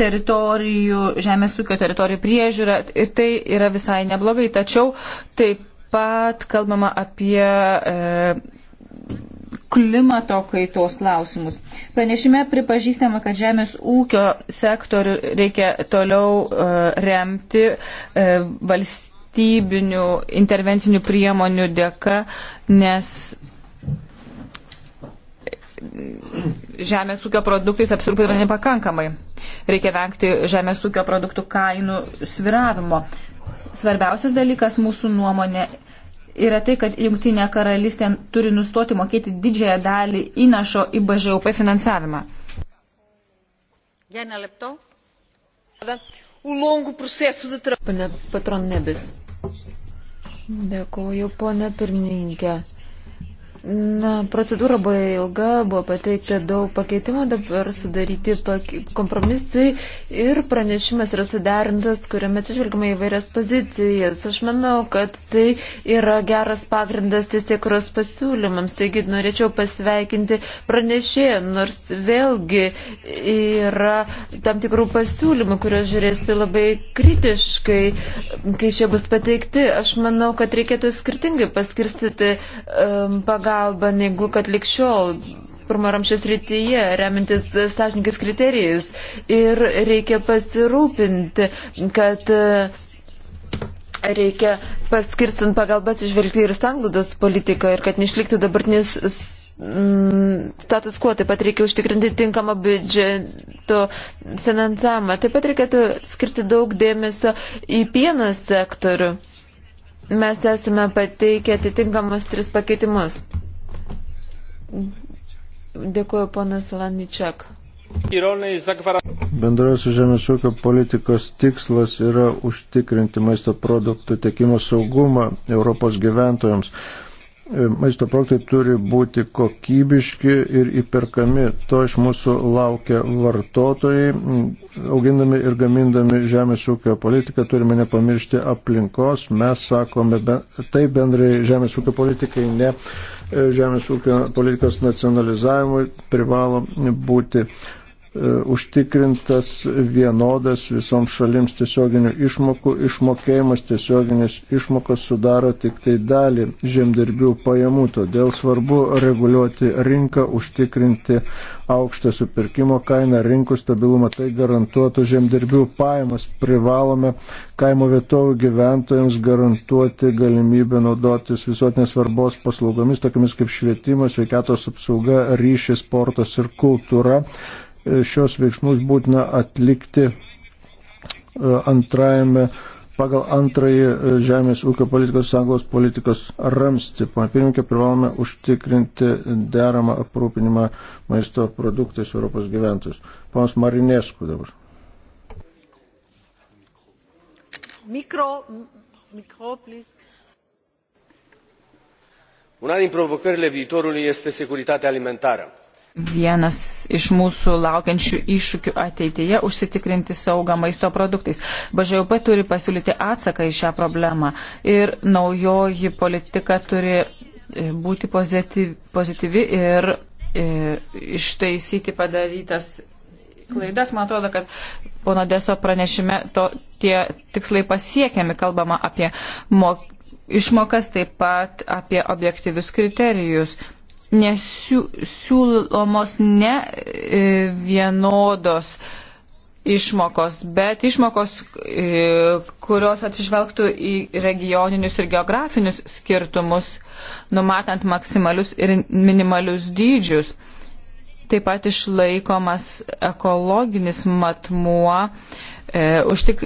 teritorijų, žemės ūkio teritorijų priežiūrą ir tai yra visai neblogai. Tačiau taip pat kalbama apie e, klimato kaitos klausimus. Pranešime pripažįstama, kad žemės ūkio sektorių reikia toliau e, remti e, valstybinių intervencinių priemonių dėka, nes žemės ūkio produktais apsirūpinama nepakankamai. Reikia vengti žemės ūkio produktų kainų sviravimo. Svarbiausias dalykas mūsų nuomonė yra tai, kad Junktinė karalystė turi nustoti mokėti didžiąją dalį įnašo į BŽUP finansavimą. Pane Patron Nebis. Dėkuoju, ponė pirmininkė. Na, procedūra buvo ilga, buvo pateikta daug pakeitimų, dabar sudaryti kompromisai ir pranešimas yra suderintas, kuriame atsižvelgiama įvairias pozicijas. Aš manau, kad tai yra geras pagrindas tiesiekros pasiūlymams, taigi norėčiau pasveikinti pranešėją, nors vėlgi yra tam tikrų pasiūlymų, kuriuos žiūrėsiu labai kritiškai, kai šie bus pateikti. Aš manau, kad reikėtų skirtingai paskirstyti um, pagalbą pagalba, negu kad likščiol pirmaramšės rytyje, remintis sąžininkis kriterijais. Ir reikia pasirūpinti, kad e, reikia paskirstant pagalbas išvelgti ir sanglaudos politiką ir kad neišliktų dabartinis status quo. Taip pat reikia užtikrinti tinkamą biudžeto finansavimą. Taip pat reikėtų skirti daug dėmesio į pieno sektorių. Mes esame pateikę atitinkamus tris pakeitimus. Dėkuoju, ponas Laničiak. Bendrosios žemės ūkio politikos tikslas yra užtikrinti maisto produktų tiekimo saugumą Europos gyventojams. E, maisto produktai turi būti kokybiški ir įperkami. To iš mūsų laukia vartotojai. Augindami ir gamindami žemės ūkio politiką turime nepamiršti aplinkos. Mes sakome, tai bendrai žemės ūkio politikai ne žemės ūkio politikos nacionalizavimui privalo būti E, užtikrintas vienodas visoms šalims tiesioginių išmokų išmokėjimas, tiesioginės išmokos sudaro tik tai dalį žemdirbių pajamų, todėl svarbu reguliuoti rinką, užtikrinti aukštą supirkimo kainą, rinkų stabilumą, tai garantuotų žemdirbių pajamas. Privalome kaimo vietovių gyventojams garantuoti galimybę naudotis visuotinės svarbos paslaugomis, tokiamis kaip švietimas, sveikatos apsauga, ryšys, sportas ir kultūra šios veiksmus būtina atlikti e, antrajame pagal antrąjį e, žemės ūkio politikos sąjungos politikos ramsti. Pane pirmininkė, privalome užtikrinti deramą aprūpinimą maisto produktais Europos gyventojus. Panas Marinėskų dabar. Mikro, mikro, please. Una din provocările viitorului este securitatea alimentară vienas iš mūsų laukiančių iššūkių ateityje užsitikrinti saugą maisto produktais. BŽUP turi pasiūlyti atsaką į šią problemą ir naujoji politika turi e, būti pozityvi, pozityvi ir, ir e, ištaisyti padarytas klaidas. Man atrodo, kad pono Deso pranešime to, tie tikslai pasiekiami, kalbama apie mok, išmokas, taip pat apie objektyvius kriterijus nesiūlomos ne e, vienodos išmokos, bet išmokos, e, kurios atsižvelgtų į regioninius ir geografinius skirtumus, numatant maksimalius ir minimalius dydžius. Taip pat išlaikomas ekologinis matmuo, e, užtik,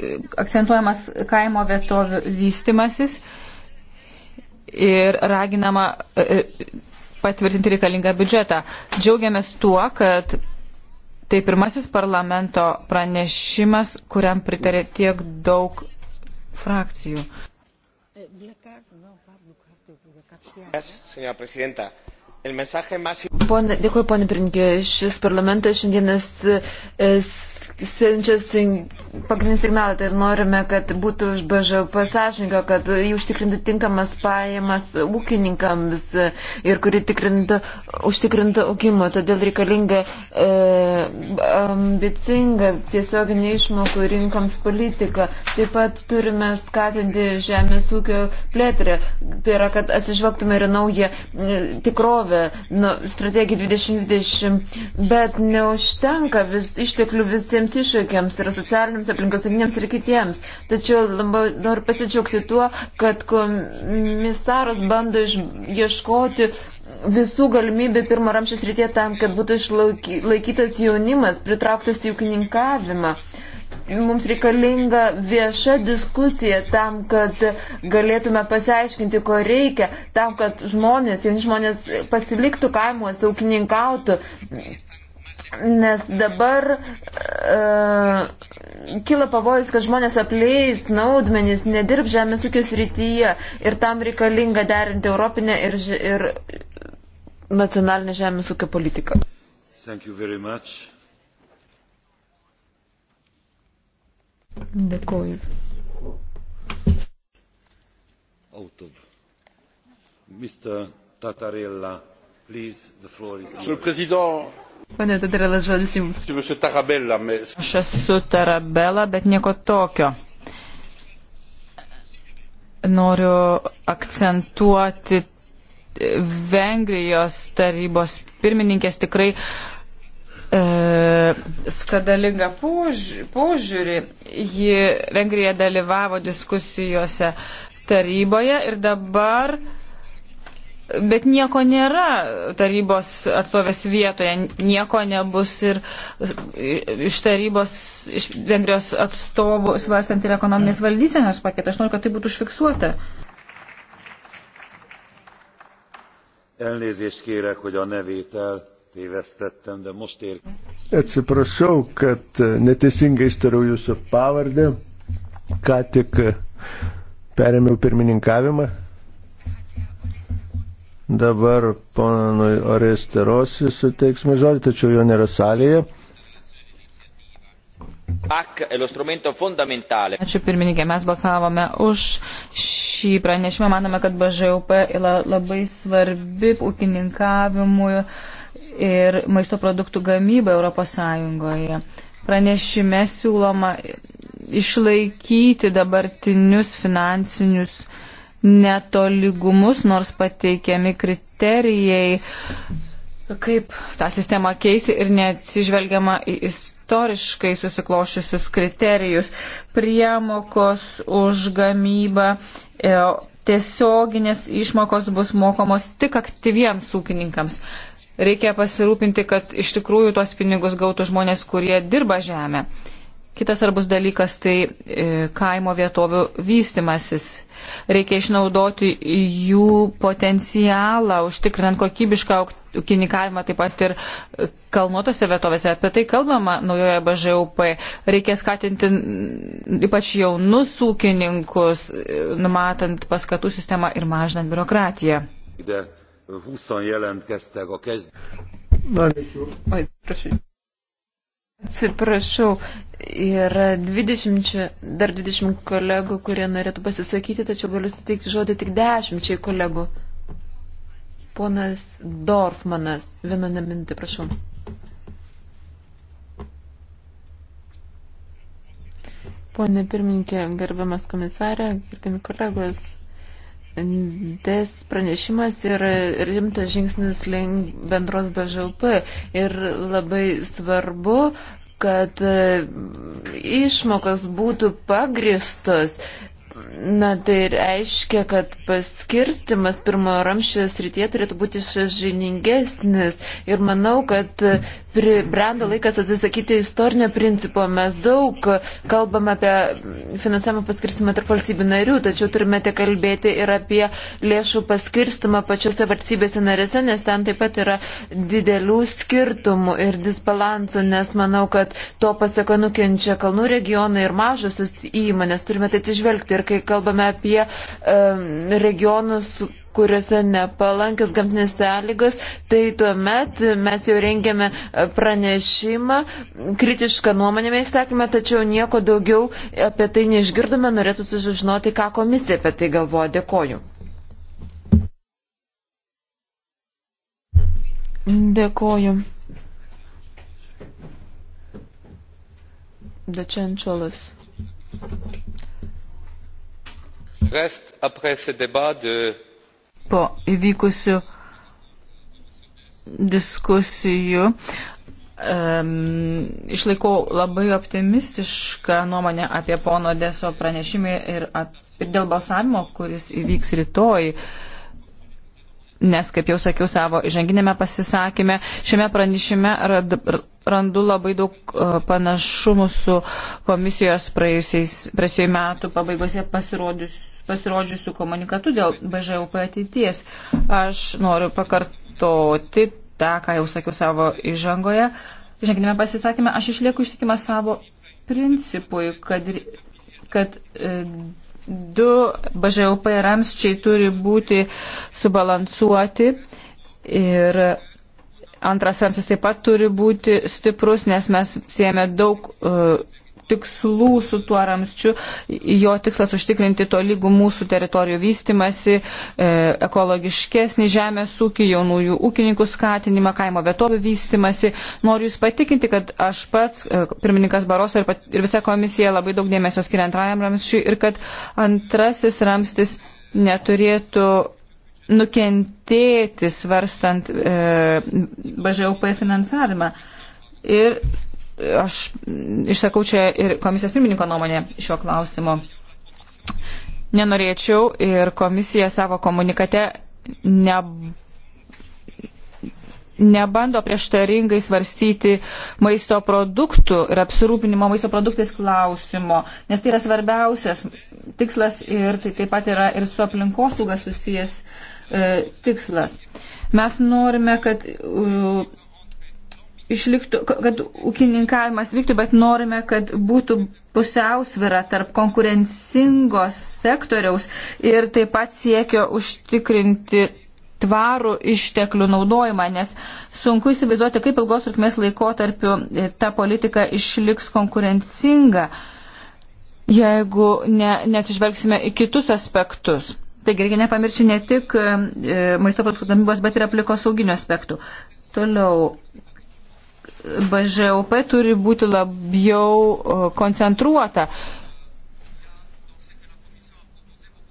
akcentuojamas kaimo vietovių vystimasis ir raginama e, patvirtinti reikalingą biudžetą. Džiaugiamės tuo, kad tai pirmasis parlamento pranešimas, kuriam pritarė tiek daug frakcijų. Yes, Pone, dėkuoju, ponė Prinkė. Šis parlamentas šiandienas e, siunčia pagrindinį signalą tai ir norime, kad būtų už BŽP sąžininką, kad jį užtikrintų tinkamas pajamas ūkininkams ir kuri tikrintų, užtikrintų augimą. Todėl reikalinga e, ambicinga tiesioginė išmokų rinkams politika. Taip pat turime skatinti žemės ūkio plėtrę. Tai yra, kad atsižvelgtume ir naują e, tikrovę. Nu, strategiją strategija 2020, bet neužtenka vis, išteklių visiems iššūkiams, tai yra socialiniams, aplinkosauginiams ir kitiems. Tačiau labai noriu pasidžiaugti tuo, kad komisaras bando ieškoti visų galimybių pirmo ramšės rytie tam, kad būtų išlaikytas jaunimas, pritrauktas į ūkininkavimą. Uh, Mums reikalinga vieša diskusija tam, kad galėtume pasiaiškinti, ko reikia, tam, kad žmonės, jauni žmonės pasiliktų kaimuose, ūkininkautų. Nes dabar e, kila pavojus, kad žmonės apleis naudmenys, nedirb žemės ūkio srityje ir tam reikalinga derinti europinę ir, ir nacionalinę žemės ūkio politiką. Thank you very much. Dėkuoju. Autov. Mr. Tatarella, please, the floor is yours. Monsieur le Président, Pane Tatarela, žodis jums. Aš esu Tarabela, bet nieko tokio. Noriu akcentuoti Vengrijos tarybos pirmininkės tikrai E, skandalingą požiūrį. Ji Vengrija dalyvavo diskusijose taryboje ir dabar, bet nieko nėra tarybos atstovės vietoje, nieko nebus ir iš tarybos, iš Vengrijos atstovų svarstant ir ekonominės valdysenos paketą. Aš noriu, kad tai būtų užfiksuota. Elnézést kérek, hogy a nevét el Įvestettem, de most ér. Atsiprašau, kad e, neteisingai ištariau jūsų pavardę. Ką tik e, perėmiau pirmininkavimą. Dabar ponui Oresterosi suteiksime žodį, tačiau jo nėra salėje. Ačiū pirmininkė, mes balsavome už šį pranešimą, manome, kad BŽUP yra labai svarbi ūkininkavimui ir maisto produktų gamybą Europos Sąjungoje. Pranešime siūloma išlaikyti dabartinius finansinius netolygumus, nors pateikiami kriterijai, kaip tą sistemą keisti ir neatsižvelgiama į istoriškai susiklošusius kriterijus, priemokos už gamybą, e, tiesioginės išmokos bus mokomos tik aktyviems ūkininkams. Reikia pasirūpinti, kad iš tikrųjų tuos pinigus gautų žmonės, kurie dirba žemę. Kitas svarbus dalykas tai e, kaimo vietovių vystimasis. Reikia išnaudoti jų potencialą, užtikrinant kokybišką ūkininkavimą taip pat ir kalnuotose vietovėse. Apie tai kalbama naujoje BŽUP. Reikia skatinti ypač jaunus ūkininkus, e, numatant paskatų sistemą ir mažinant biurokratiją. Yeah. 20 jelentkeztek a kezd... Atsiprašau, yra 20, dar 20 kolegų, kurie norėtų pasisakyti, tačiau galiu suteikti žodį tik 10 kolegų. Ponas Dorfmanas, vieną mintį, prašau. Pone pirmininkė, gerbiamas komisarė, gerbiami kolegos, Des pranešimas yra rimtas žingsnis link bendros BŽP ir labai svarbu, kad e, išmokas būtų pagristos. Na tai reiškia, kad paskirstimas pirmo ramščio srityje turėtų būti šažiningesnis ir manau, kad pribrendo laikas atsisakyti istorinio principo. Mes daug kalbam apie finansavimo paskirstimą tarp valstybių narių, tačiau turime tik kalbėti ir apie lėšų paskirstimą pačiose valstybėse narėse, nes ten taip pat yra didelių skirtumų ir disbalansų, nes manau, kad to pasako nukenčia kalnų regionai ir mažosios įmonės. Turime tai atsižvelgti ir kai kalbame apie um, regionus kuriuose nepalankios gamtinės sąlygos, tai tuomet mes jau rengėme e, pranešimą, kritišką nuomonę mes sakėme, tačiau nieko daugiau apie tai neišgirdome, norėtų sužinoti, ką komisija apie tai galvoja. Dėkoju. Dėkoju. Dečenčiolas. Reste après ce débat de po įvykusių diskusijų. Um, išlaikau labai optimistišką nuomonę apie pono Deso pranešimą ir, ap, ir dėl balsavimo, kuris įvyks rytoj. Nes, kaip jau sakiau savo įžanginėme pasisakyme, šiame pranešime rad, randu labai daug uh, panašumų su komisijos praėjusiais metų pabaigose pasirodžiusiu pasirodžiusių komunikatų dėl BŽUP ateities. Aš noriu pakartoti tą, ką jau sakiau savo įžangoje. Žengime pasisakymę, aš išlieku ištikimą savo principui, kad, kad e, du BŽUP ramsčiai turi būti subalansuoti ir antras ramstis taip pat turi būti stiprus, nes mes siejame daug uh, tikslų su tuo ramščiu. Jo tikslas užtikrinti tolygų mūsų teritorijų vystimasi, e, ekologiškesnį žemės ūkį, jaunųjų ūkininkų skatinimą, kaimo vietovių vystimasi. Noriu Jūs patikinti, kad aš pats, e, pirmininkas Baroso ir, pat, ir visa komisija labai daug dėmesio skiria antrajam ramščiui ir kad antrasis ramstis neturėtų nukentėti svarstant e, BŽUP finansavimą. Ir Aš išsakau čia ir komisijos pirmininko nuomonę šio klausimo. Nenorėčiau ir komisija savo komunikate ne, nebando prieštaringai svarstyti maisto produktų ir apsirūpinimo maisto produktais klausimo, nes tai yra svarbiausias tikslas ir tai taip pat yra ir su aplinkosauga susijęs e, tikslas. Mes norime, kad. E, išliktų, kad ūkininkavimas vyktų, bet norime, kad būtų pusiausvira tarp konkurencingos sektoriaus ir taip pat siekio užtikrinti tvarų išteklių naudojimą, nes sunku įsivaizduoti, kaip ilgos trukmės laikotarpiu e, ta politika išliks konkurencinga, jeigu ne, neatsižvelgsime į kitus aspektus. Taigi reikia nepamiršti ne tik e, e, maisto produktų gamybos, bet ir apliko sauginių aspektų. Toliau BŽUP turi būti labiau e, koncentruota.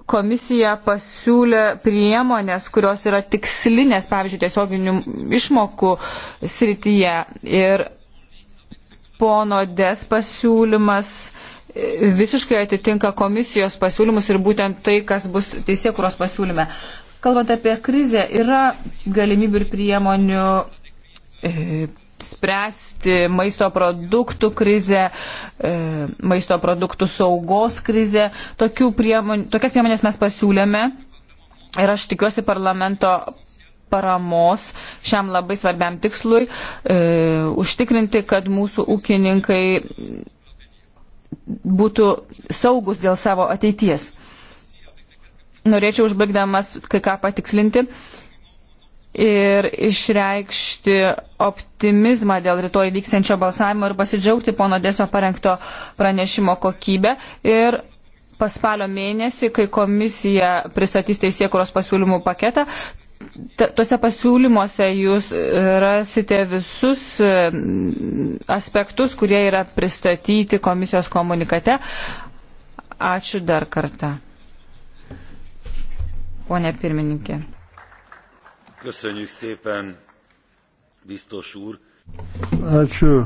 Komisija pasiūlė priemonės, kurios yra tikslinės, pavyzdžiui, tiesioginių išmokų srityje. Ir pono Des pasiūlymas e, visiškai atitinka komisijos pasiūlymus ir būtent tai, kas bus teisėkuros pasiūlyme. Kalbant apie krizę, yra galimybių ir priemonių. E, spręsti maisto produktų krizę, e, maisto produktų saugos krizę. Priemon, tokias priemonės mes pasiūlėme ir aš tikiuosi parlamento paramos šiam labai svarbiam tikslui e, užtikrinti, kad mūsų ūkininkai būtų saugus dėl savo ateities. Norėčiau užbaigdamas kai ką patikslinti. E, ir išreikšti optimizmą dėl rytoj vyksiančio balsavimo ir pasidžiaugti pono Desio parengto pranešimo kokybę. Ir paspalio mėnesį, kai komisija pristatys teisėkuros pasiūlymų paketą, Tuose pasiūlymuose jūs rasite visus e, aspektus, kurie yra pristatyti komisijos komunikate. Ačiū dar kartą. Pone pirmininkė. Köszönjük szépen, biztos úr. Ačiū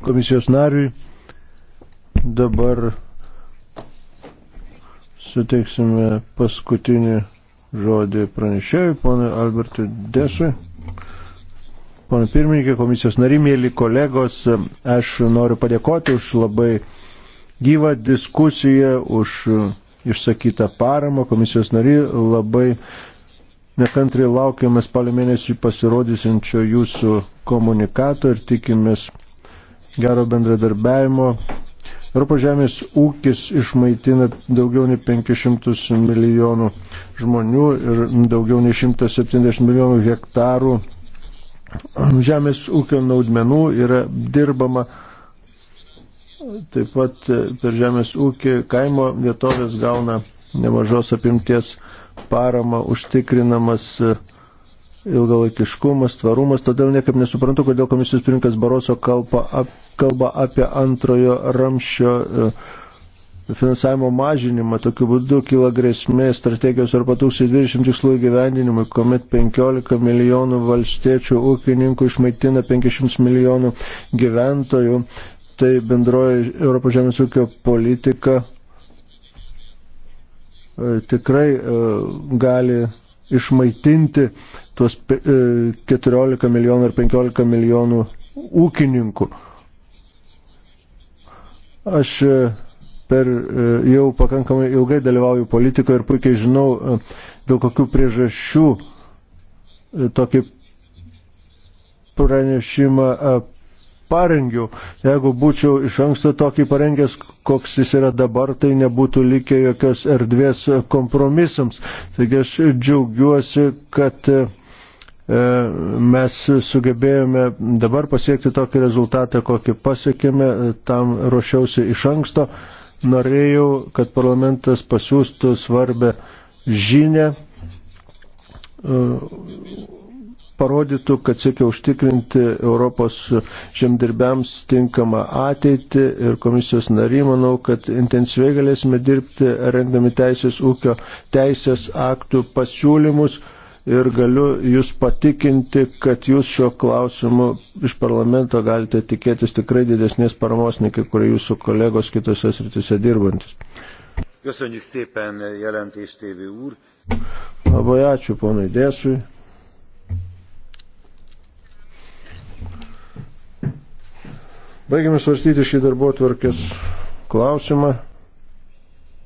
komisijos nariui. Dabar suteiksime paskutinį žodį pranešėjui, ponui Albertui Desui. Pone pirmininkė, komisijos nariai, mėly kolegos, aš noriu padėkoti už labai gyvą diskusiją, už išsakytą paramą. Komisijos nariai labai nekantriai laukiame spalio mėnesį pasirodysinčio jūsų komunikato ir tikimės gero bendradarbiavimo. Europos žemės ūkis išmaitina daugiau nei 500 milijonų žmonių ir daugiau nei 170 milijonų hektarų žemės ūkio naudmenų yra dirbama. Taip pat per žemės ūkį kaimo vietovės gauna nemažos apimties parama užtikrinamas e, ilgalaikiškumas, tvarumas, todėl niekaip nesuprantu, kodėl komisijos pirinkas Baroso kalba, ap, kalba apie antrojo ramščio e, finansavimo mažinimą. Tokiu būdu kyla grėsmė strategijos arba 2020 tikslų įgyvendinimui, kuomet 15 milijonų valstiečių ūkininkų išmaitina 500 milijonų gyventojų. Tai bendroji Europos žemės ūkio politika E, tikrai e, gali išmaitinti tuos 14 e, milijonų ar 15 milijonų ūkininkų. Aš per jau pakankamai ilgai dalyvauju politikoje ir puikiai žinau, dėl kokių priežasčių tokį pranešimą parengiau. Jeigu būčiau iš anksto tokį parengęs, koks jis yra dabar, tai nebūtų likę jokios erdvės kompromisams. Taigi aš džiaugiuosi, kad e, mes sugebėjome dabar pasiekti tokį rezultatą, kokį pasiekėme, tam ruošiausi iš anksto. Norėjau, kad parlamentas pasiūstų svarbę žinę parodytų, kad siekia užtikrinti Europos žemdirbiams tinkamą ateitį ir komisijos nariai, manau, kad intensyviai galėsime dirbti, rengdami teisės ūkio teisės aktų pasiūlymus. Ir galiu Jūs patikinti, kad Jūs šio klausimu iš parlamento galite tikėtis tikrai didesnės paramos, nei kai kurie Jūsų kolegos kitose sritise dirbantis. Köszönjük szépen, jelentéstévő úr! Labai ačiū, ponai Dėsui. Baigėme svarstyti šį darbo tvarkės klausimą.